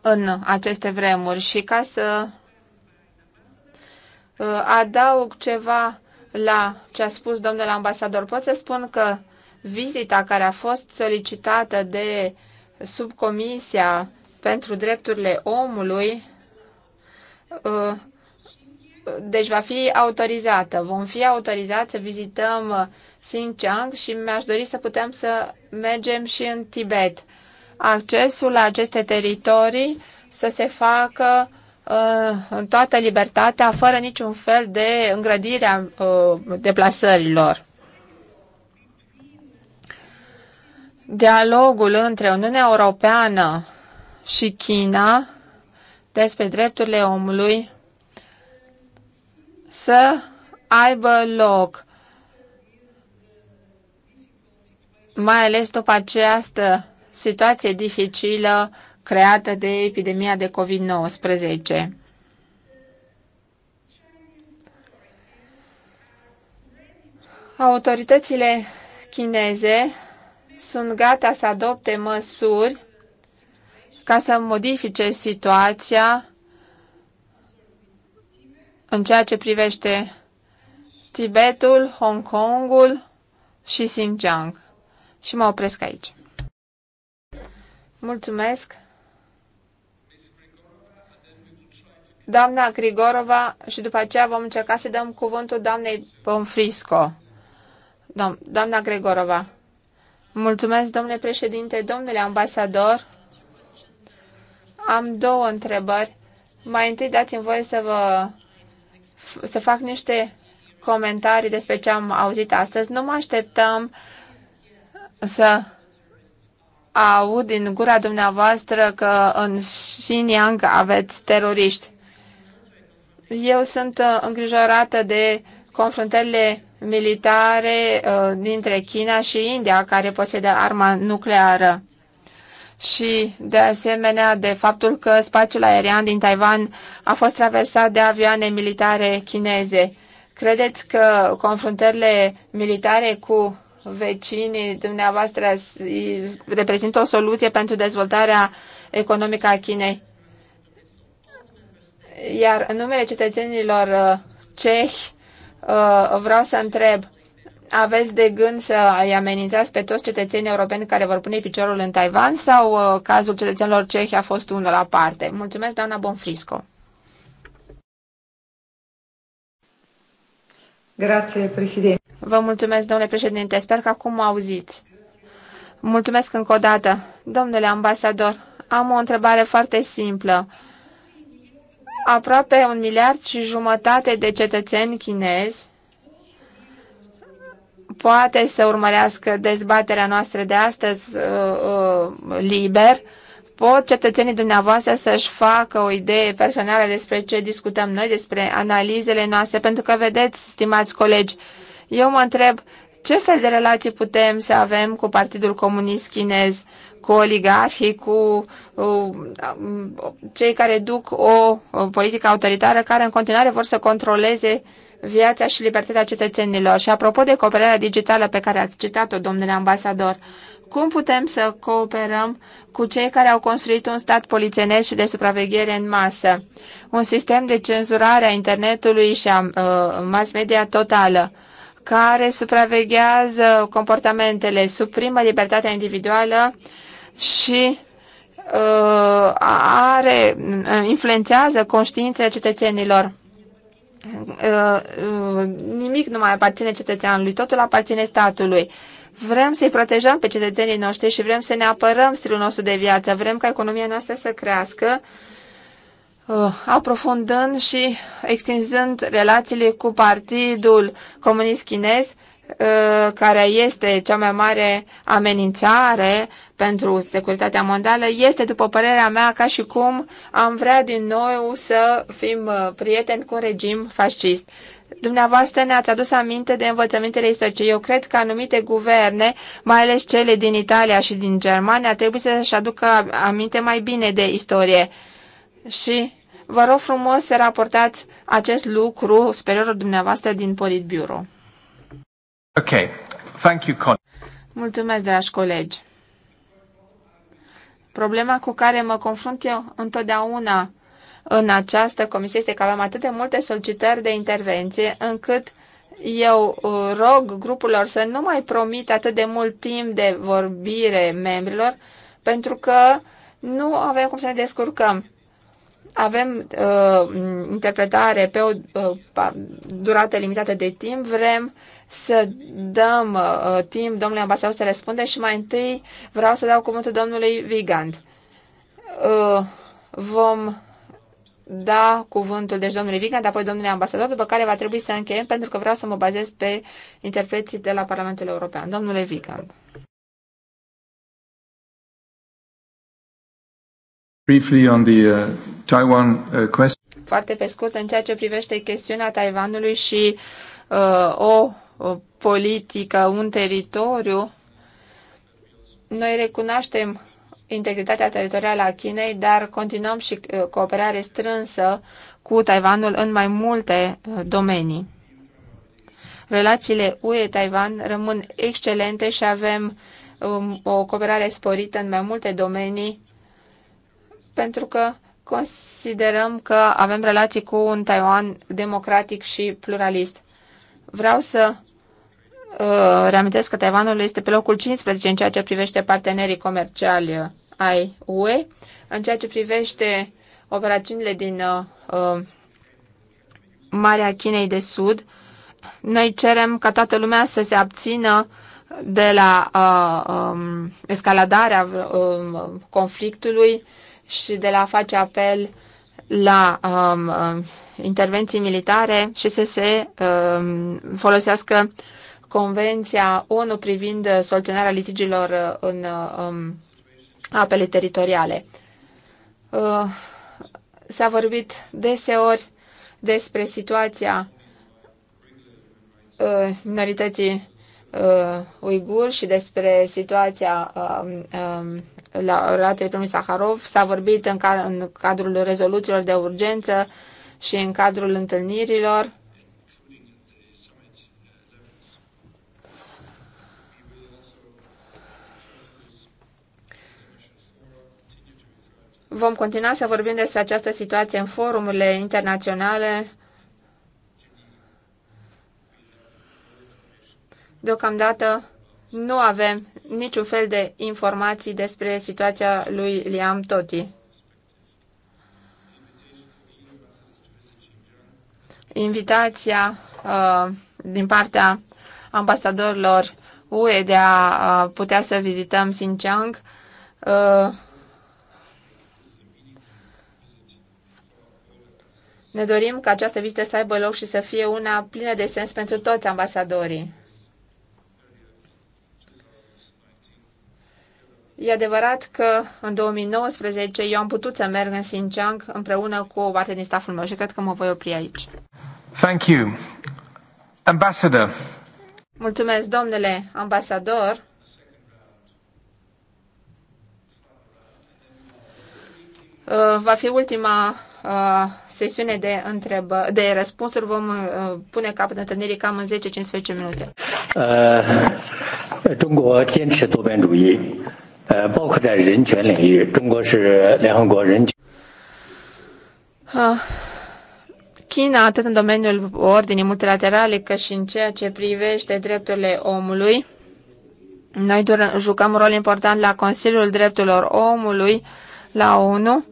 în aceste vremuri și ca să uh, adaug ceva la ce a spus domnul ambasador, pot să spun că vizita care a fost solicitată de subcomisia pentru drepturile omului uh, deci va fi autorizată. Vom fi autorizați să vizităm Xinjiang și mi-aș dori să putem să mergem și în Tibet. Accesul la aceste teritorii să se facă uh, în toată libertatea, fără niciun fel de îngrădire a uh, deplasărilor. Dialogul între Uniunea Europeană și China despre drepturile omului să aibă loc mai ales după această situație dificilă creată de epidemia de COVID-19. Autoritățile chineze sunt gata să adopte măsuri ca să modifice situația în ceea ce privește Tibetul, Hong Kongul și Xinjiang și mă opresc aici. Mulțumesc! Doamna Grigorova și după aceea vom încerca să dăm cuvântul doamnei Pomfrisco. doamna Grigorova. Mulțumesc, domnule președinte, domnule ambasador. Am două întrebări. Mai întâi dați-mi voie să vă să fac niște comentarii despre ce am auzit astăzi. Nu mă așteptăm să aud din gura dumneavoastră că în Xinjiang aveți teroriști. Eu sunt uh, îngrijorată de confruntările militare uh, dintre China și India, care posedă arma nucleară. Și, de asemenea, de faptul că spațiul aerian din Taiwan a fost traversat de avioane militare chineze. Credeți că confruntările militare cu vecinii dumneavoastră reprezintă o soluție pentru dezvoltarea economică a Chinei. Iar în numele cetățenilor uh, cehi uh, vreau să întreb, aveți de gând să îi amenințați pe toți cetățenii europeni care vor pune piciorul în Taiwan sau uh, cazul cetățenilor cehi a fost unul la parte? Mulțumesc, doamna Bonfrisco. Grazie, președinte. Vă mulțumesc, domnule președinte. Sper că acum mă auziți. Mulțumesc încă o dată. Domnule ambasador, am o întrebare foarte simplă. Aproape un miliard și jumătate de cetățeni chinezi poate să urmărească dezbaterea noastră de astăzi uh, uh, liber. Pot cetățenii dumneavoastră să-și facă o idee personală despre ce discutăm noi, despre analizele noastre, pentru că, vedeți, stimați colegi, uh, eu mă întreb ce fel de relații putem să avem cu Partidul Comunist Chinez, cu oligarhii, cu uh, cei care duc o politică autoritară care în continuare vor să controleze viața și libertatea cetățenilor. Și apropo de cooperarea digitală pe care ați citat-o, domnule ambasador, cum putem să cooperăm cu cei care au construit un stat polițienesc și de supraveghere în masă, un sistem de cenzurare a internetului și a uh, mass media totală? Uh, care supraveghează comportamentele, suprimă libertatea individuală și uh, are, uh, influențează conștiințele cetățenilor. Uh, uh, nimic nu mai aparține cetățeanului, totul aparține statului. Vrem să-i protejăm pe cetățenii noștri și vrem să ne apărăm stilul nostru de viață, vrem ca economia noastră să crească Uh, aprofundând și extinzând relațiile cu Partidul Comunist Chinez, uh, care este cea mai mare amenințare pentru securitatea mondială, este, după părerea mea, ca și cum am vrea din nou să fim uh, prieteni cu un regim fascist. Dumneavoastră ne-ați adus aminte de învățămintele istorice. Eu cred că anumite guverne, mai ales cele din Italia și din Germania, trebuie să-și aducă aminte mai bine de istorie și vă rog frumos să raportați acest lucru superiorul dumneavoastră din Politburo. Ok. Thank you, Con. Mulțumesc, dragi colegi. Problema cu care mă confrunt eu întotdeauna în această comisie este că avem atât de multe solicitări de intervenție încât eu uh, rog grupurilor să nu mai promit atât de mult timp de vorbire membrilor pentru că nu avem cum să ne descurcăm avem uh, interpretare pe o uh, durată limitată de timp, vrem să dăm uh, timp domnului ambasador să răspunde și mai întâi vreau să dau cuvântul domnului Vigand. Uh, vom da cuvântul deci domnului Vigand, apoi domnului ambasador, după care va trebui să încheiem pentru că vreau să mă bazez pe interpreții de la Parlamentul European. Domnule Vigand. Briefly on the uh, Taiwan uh, question. Foarte pe scurt, în ceea ce privește chestiunea Taiwanului și uh, o, o politică, un teritoriu, noi recunoaștem integritatea teritorială a Chinei, dar continuăm și uh, cooperare strânsă cu Taiwanul în mai multe uh, domenii. Relațiile UE-Taiwan rămân excelente și avem um, o cooperare sporită în mai multe domenii pentru că considerăm că avem relații cu un Taiwan democratic și pluralist. Vreau să uh, reamintesc că Taiwanul este pe locul 15 în ceea ce privește partenerii comerciali uh, ai UE, în ceea ce privește operațiunile din uh, uh, Marea Chinei de Sud. Noi cerem ca toată lumea să se abțină de la uh, um, escaladarea uh, um, conflictului uh, și de la face apel la um, um, intervenții militare și să se um, folosească Convenția ONU privind soluționarea litigiilor uh, în uh, um, apele teritoriale. Uh, s-a vorbit deseori despre situația uh, minorității uh, uiguri și despre situația uh, uh, la relației primului Saharov. S-a vorbit în, ca, în cadrul rezoluțiilor de urgență și în cadrul întâlnirilor. Vom continua să vorbim despre această situație în forumurile internaționale. Deocamdată, nu avem niciun fel de informații despre situația lui Liam Toti. Invitația uh, din partea ambasadorilor UE de a uh, putea să vizităm Xinjiang uh, ne dorim ca această vizită să aibă loc și să fie una plină de sens pentru toți ambasadorii. E adevărat că în 2019 eu am putut să merg în Xinjiang împreună cu o parte din staful meu și cred că mă voi opri aici. Thank you. Ambassador. Mulțumesc, domnule ambasador. Uh, va fi ultima uh, sesiune de, întrebă, de răspunsuri. Vom uh, pune capăt întâlnirii cam în 10-15 minute. Uh, <laughs> 呃，包括在人权领域，中国是联合国人权。啊。China, atât în domeniul ordinii multilaterale, cât și în ceea ce privește drepturile omului, noi jucăm un rol important la Consiliul Drepturilor Omului, la ONU,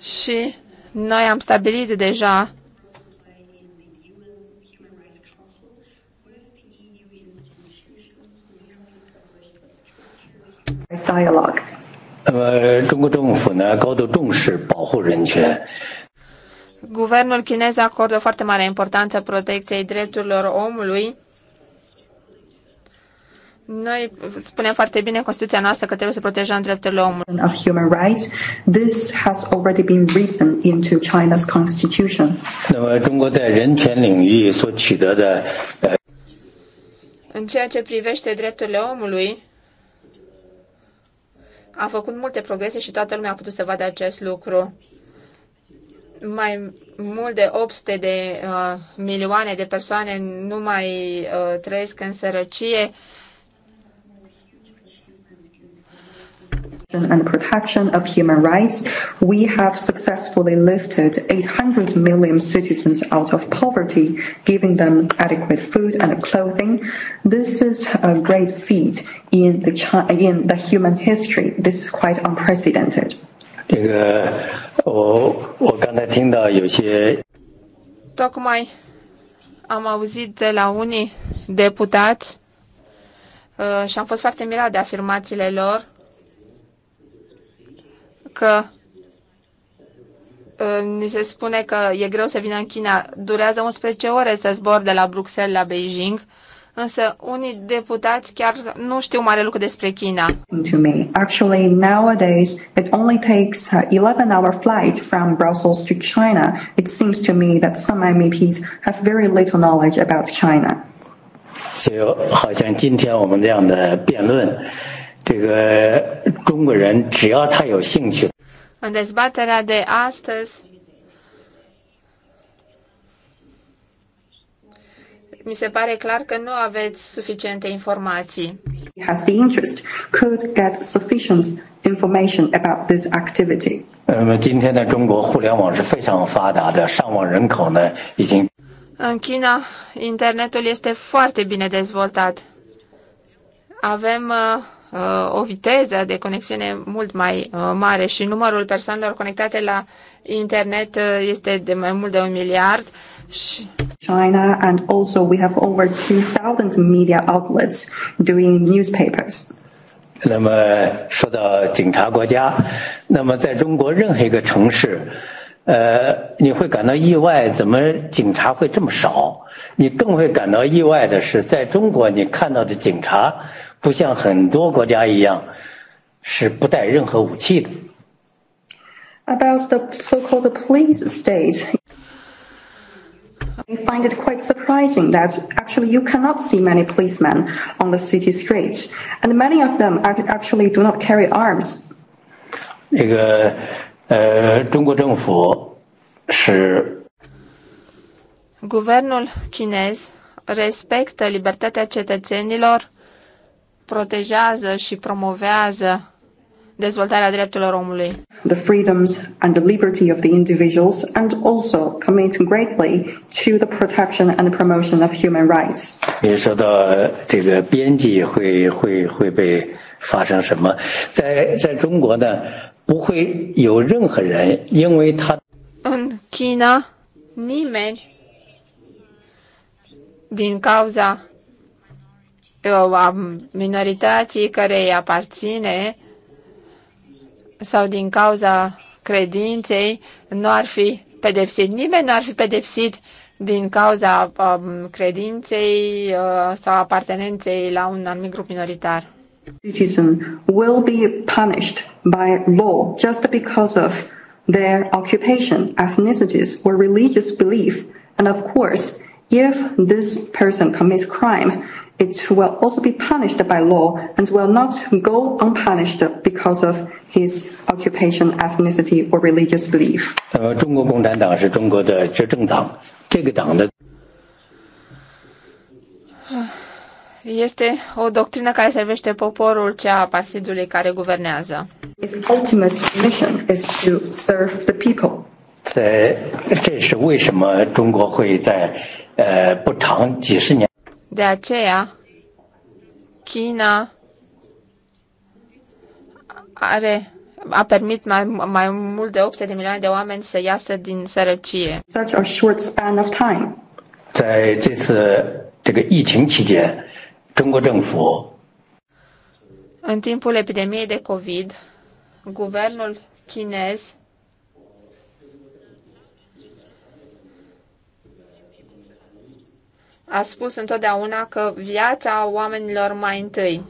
și noi am stabilit deja dialogue. 那么，中国政府呢高度重视保护人权。Guvernul uh, chinez acordă foarte mare importanță protecției drepturilor omului. Noi spunem foarte bine în Constituția noastră că trebuie să protejăm drepturile omului. Of human rights, this has already been written into China's constitution. 那么，中国在人权领域所取得的，în ceea ce privește drepturile omului, a făcut multe progrese și toată lumea a putut să vadă acest lucru. Mai mult de 800 de uh, milioane de persoane nu mai uh, trăiesc în sărăcie and protection of human rights, we have successfully lifted 800 million citizens out of poverty, giving them adequate food and clothing. This is a great feat in the, in the human history. This is quite unprecedented. 这个，我我刚才听到有些。Tocmai am auzit de la unii deputați uh, și am fost foarte mirat de afirmațiile lor că uh, ni se spune că e greu să vină în China. Durează 11 ore să zbor de la Bruxelles la Beijing, însă unii deputați chiar nu știu mare lucru despre China. To me, actually nowadays it only takes 11 uh, hour flight from Brussels to China. It seems to me that some MEPs have very little knowledge about China. 所以，好像今天我们这样的辩论。So, 这个中国人只要他有兴趣。În dezbaterea de astăzi, mi se pare clar că nu aveți suficiente informații. Has the interest could get sufficient information about this activity. 那么今天的中国互联网是非常发达的，上网人口呢已经。În China, internetul este foarte bine dezvoltat. Avem uh, Uh, o viteză de conexiune mult mai uh, mare și numărul persoanelor conectate la internet uh, este de mai mult de un miliard. China and also we have over 2000 media outlets doing newspapers. 那么说到警察国家，那么在中国任何一个城市，呃，你会感到意外，怎么警察会这么少？你更会感到意外的是，在中国你看到的警察不像很多国家一样是不带任何武器的。About the so-called police state. I find it quite surprising that actually you cannot see many policemen on the city streets, and many of them actually do not carry arms. 这个呃，中国政府是 Guvernul chinez respectă libertatea cetățenilor protejează și promovează dezvoltarea drepturilor omului. The freedoms and the liberty of the individuals and also commit greatly to the protection and the promotion of human rights. 你说到这个边际会会会被发生什么？在在中国呢，不会有任何人因为他。în China, nimeni din cauza a minorității care îi aparține sau din cauza credinței nu ar fi pedepsit. Nimeni nu ar fi pedepsit din cauza um, credinței uh, sau apartenenței la un anumit grup minoritar. Citizen will be punished by law just because of their occupation, ethnicities, or religious belief. And of course, if this person commits crime, it will also be punished by law and will not go unpunished because of his occupation, ethnicity or religious belief. Uh, <sighs> este o doctrină care servește poporul, cea a partidului care guvernează. Its ultimate mission is to serve the people. 这这是为什么中国会在呃不长几十年。de aceea, China are a permis mai, mai mult de 800 de milioane de oameni să iasă din sărăcie. Such a short span of time. în timpul epidemiei de COVID, guvernul chinez a spus întotdeauna că viața oamenilor mai întâi.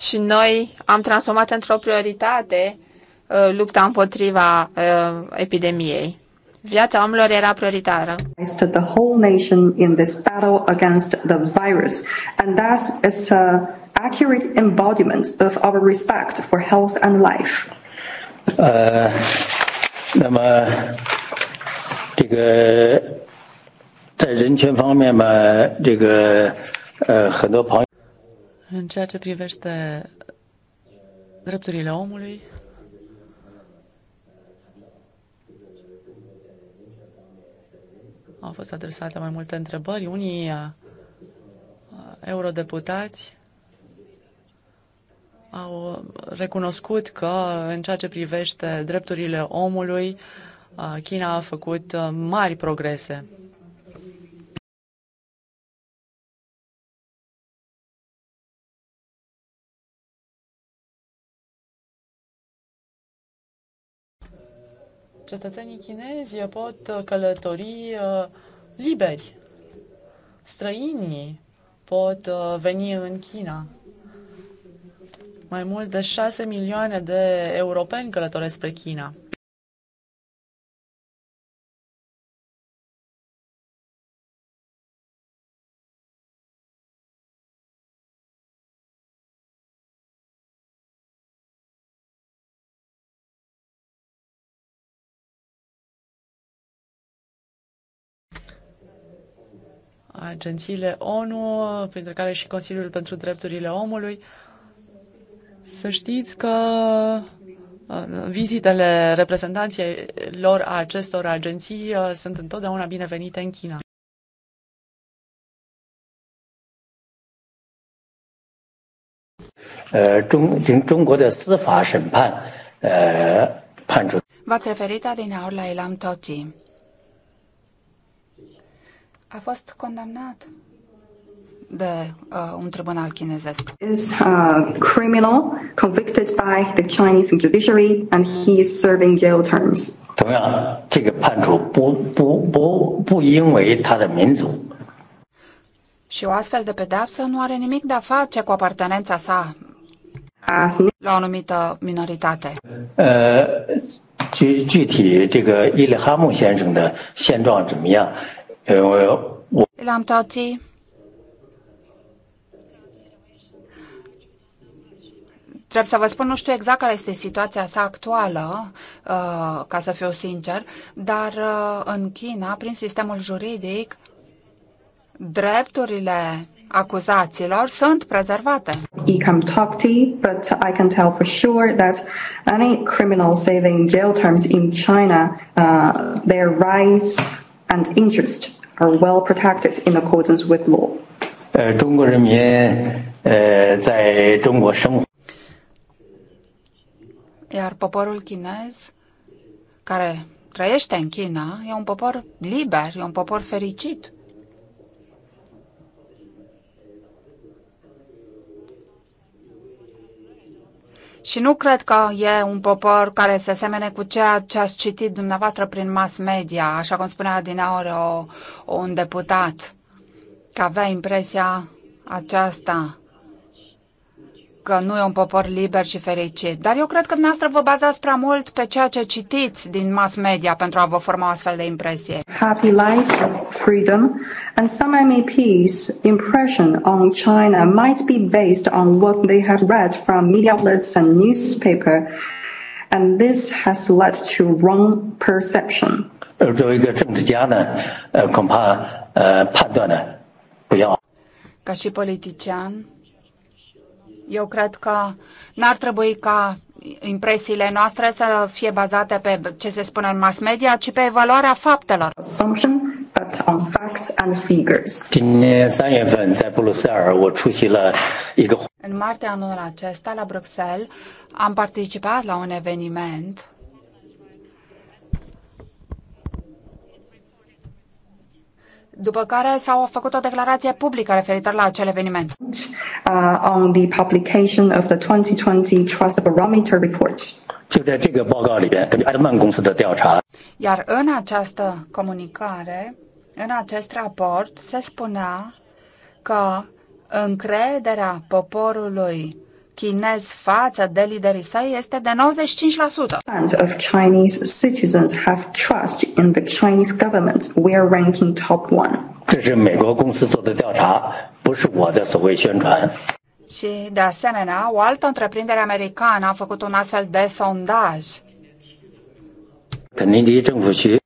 Și noi am transformat într-o prioritate uh, lupta împotriva uh, epidemiei. Viața oamenilor era prioritară. The whole nation in this battle against the virus and that is a accurate embodiment of our respect for health and life. 呃，那么这个 uh, 在人权方面嘛，这个呃，很多朋友。în ceea ce privește drepturile omului, au fost adresate mai multe întrebări. Unii uh, uh, eurodeputați au recunoscut că în ceea ce privește drepturile omului, uh, China a făcut mari progrese. cetățenii chinezi pot uh, călători uh, liberi. Străinii pot uh, veni în China. Mai mult de 6 milioane de europeni călătoresc spre China. agențiile ONU, printre care și Consiliul pentru Drepturile Omului. Să știți că uh, vizitele reprezentanților a acestor agenții uh, sunt întotdeauna binevenite în China. Uh, V-ați referit adineori la elam Toti a fost condamnat de uh, un tribunal chinezesc. Is a uh, criminal convicted by the Chinese judiciary and he is serving jail terms. 同样，这个判处不不不不因为他的民族。Și o astfel de pedeapsă nu are nimic de a face cu apartenența sa la o anumită minoritate. Uh, 具具体这个伊利哈木先生的现状怎么样？Uh, il Trebuie să vă spun, nu știu exact care este situația sa actuală, uh, ca să fiu sincer, dar uh, în China, prin sistemul juridic, drepturile acuzaților sunt prezervate. He cam talk but I can tell for sure that any criminal saving jail terms in China, uh, their rights and interests are well protected in accordance with law. 呃，中国人民呃，在中国生活。Iar uh, uh, poporul chinez care trăiește în China e un popor liber, e un popor fericit. Și nu cred că e un popor care se semene cu ceea ce ați citit dumneavoastră prin mass media, așa cum spunea din aur o, un deputat, că avea impresia aceasta că nu e un popor liber și fericit, dar eu cred că dumneavoastră vă bazați prea mult pe ceea ce citiți din mass media pentru a vă forma o astfel de impresie. Happy life, freedom, and some MEPs' impression on China might be based on what they have read from media outlets and newspaper, and this has led to wrong perception. 作为一个政治家呢，呃，恐怕呃判断呢不要。ca și politician, eu cred că n-ar trebui ca impresiile noastre să fie bazate pe ce se spune în mass media, ci pe evaluarea faptelor. Assumption, on facts and figures. În martie anul acesta, la Bruxelles, am participat la un eveniment după care s-au făcut o declarație publică referitor la acel eveniment. Uh, on the publication of the 2020 Trust Barometer Report. Iar în această comunicare, în acest raport, se spunea că încrederea poporului chinez față de liderii săi este de 95%. Of Chinese citizens have trust in the Chinese government. We are ranking top one. 这是美国公司做的调查，不是我的所谓宣传。Și, de asemenea, o altă întreprindere americană a făcut un astfel de sondaj.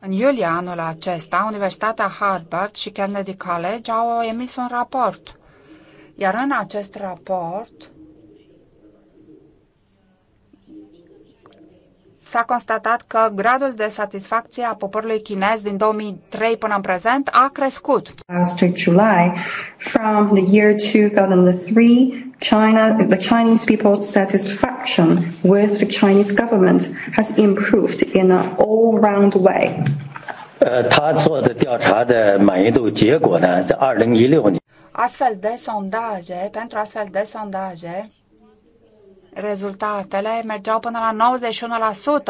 În iulie anul acesta, Universitatea Harvard și Kennedy College au emis un raport. Iar în acest raport s-a constatat că gradul de satisfacție a poporului chinez din 2003 până în prezent a crescut. Last July, from the year 2003, China, the Chinese people's satisfaction with the Chinese government has improved in an all-round way. 呃，他做的调查的满意度结果呢，在二零一六年。Astfel de sondaje, pentru astfel de sondaje, rezultatele mergeau până la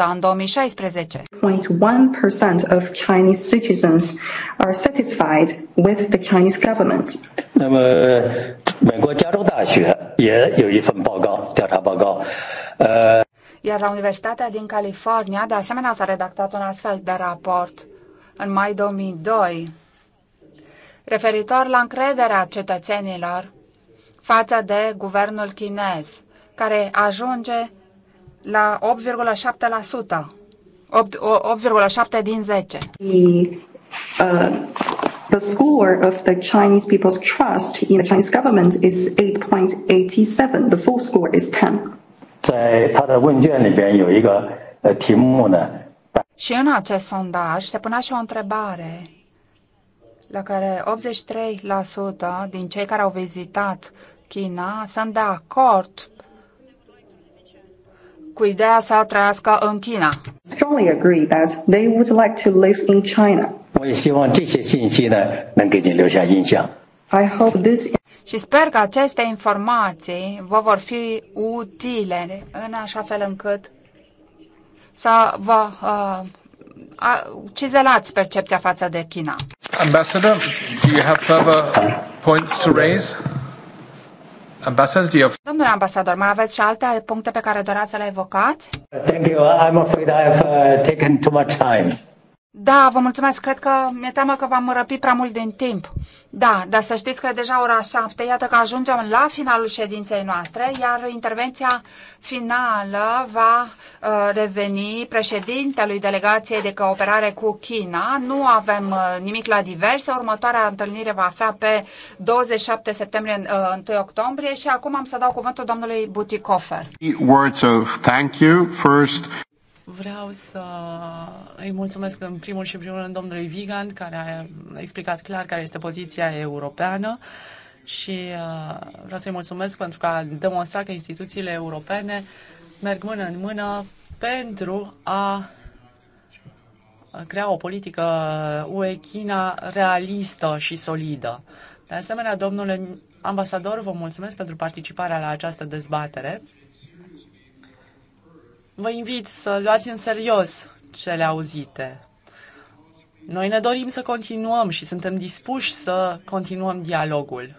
91% în 2016. 0.1% of Chinese citizens are satisfied with the Chinese government. 那么，美国加州大学也有一份报告，调查报告，呃。Iar ă, la Universitatea din California, de asemenea, s-a redactat un astfel de raport în mai 2002 referitor la încrederea cetățenilor față de guvernul chinez care ajunge la 8,7%. 8,7 din 10. The, uh, the score of the Chinese people's trust in the Chinese government is 8.87. The full score is 10. 在他的问卷里边有一个呃题目呢。și în acest sondaj se punea și o întrebare la care 83% din cei care au vizitat China sunt de acord cu ideea să trăiască în China. Strongly agree that they would like to live in China. I hope this... Și sper că aceste informații vă vor fi utile în așa fel încât să vă uh, cizelați percepția față de China. Ambassador, do you have further points to raise? Domnule ambasador, mai aveți și alte puncte pe care doreați să le evocați? Thank you. I'm afraid I have uh, taken too much time. Da, vă mulțumesc. Cred că mi-e teamă că v-am răpit prea mult din timp. Da, dar să știți că e deja ora șapte. Iată că ajungem la finalul ședinței noastre, iar intervenția finală va uh, reveni președintelui Delegației de Cooperare cu China. Nu avem uh, nimic la diverse. Următoarea întâlnire va fi pe 27 septembrie, uh, 1 octombrie și acum am să dau cuvântul domnului Butikofer. Words of thank you first. Vreau să îi mulțumesc în primul și primul rând domnului Vigand, care a explicat clar care este poziția europeană și uh, vreau să-i mulțumesc pentru că a demonstrat că instituțiile europene merg mână în mână pentru a crea o politică UE-China realistă și solidă. De asemenea, domnule ambasador, vă mulțumesc pentru participarea la această dezbatere. Vă invit să luați în serios cele auzite. Noi ne dorim să continuăm și suntem dispuși să continuăm dialogul.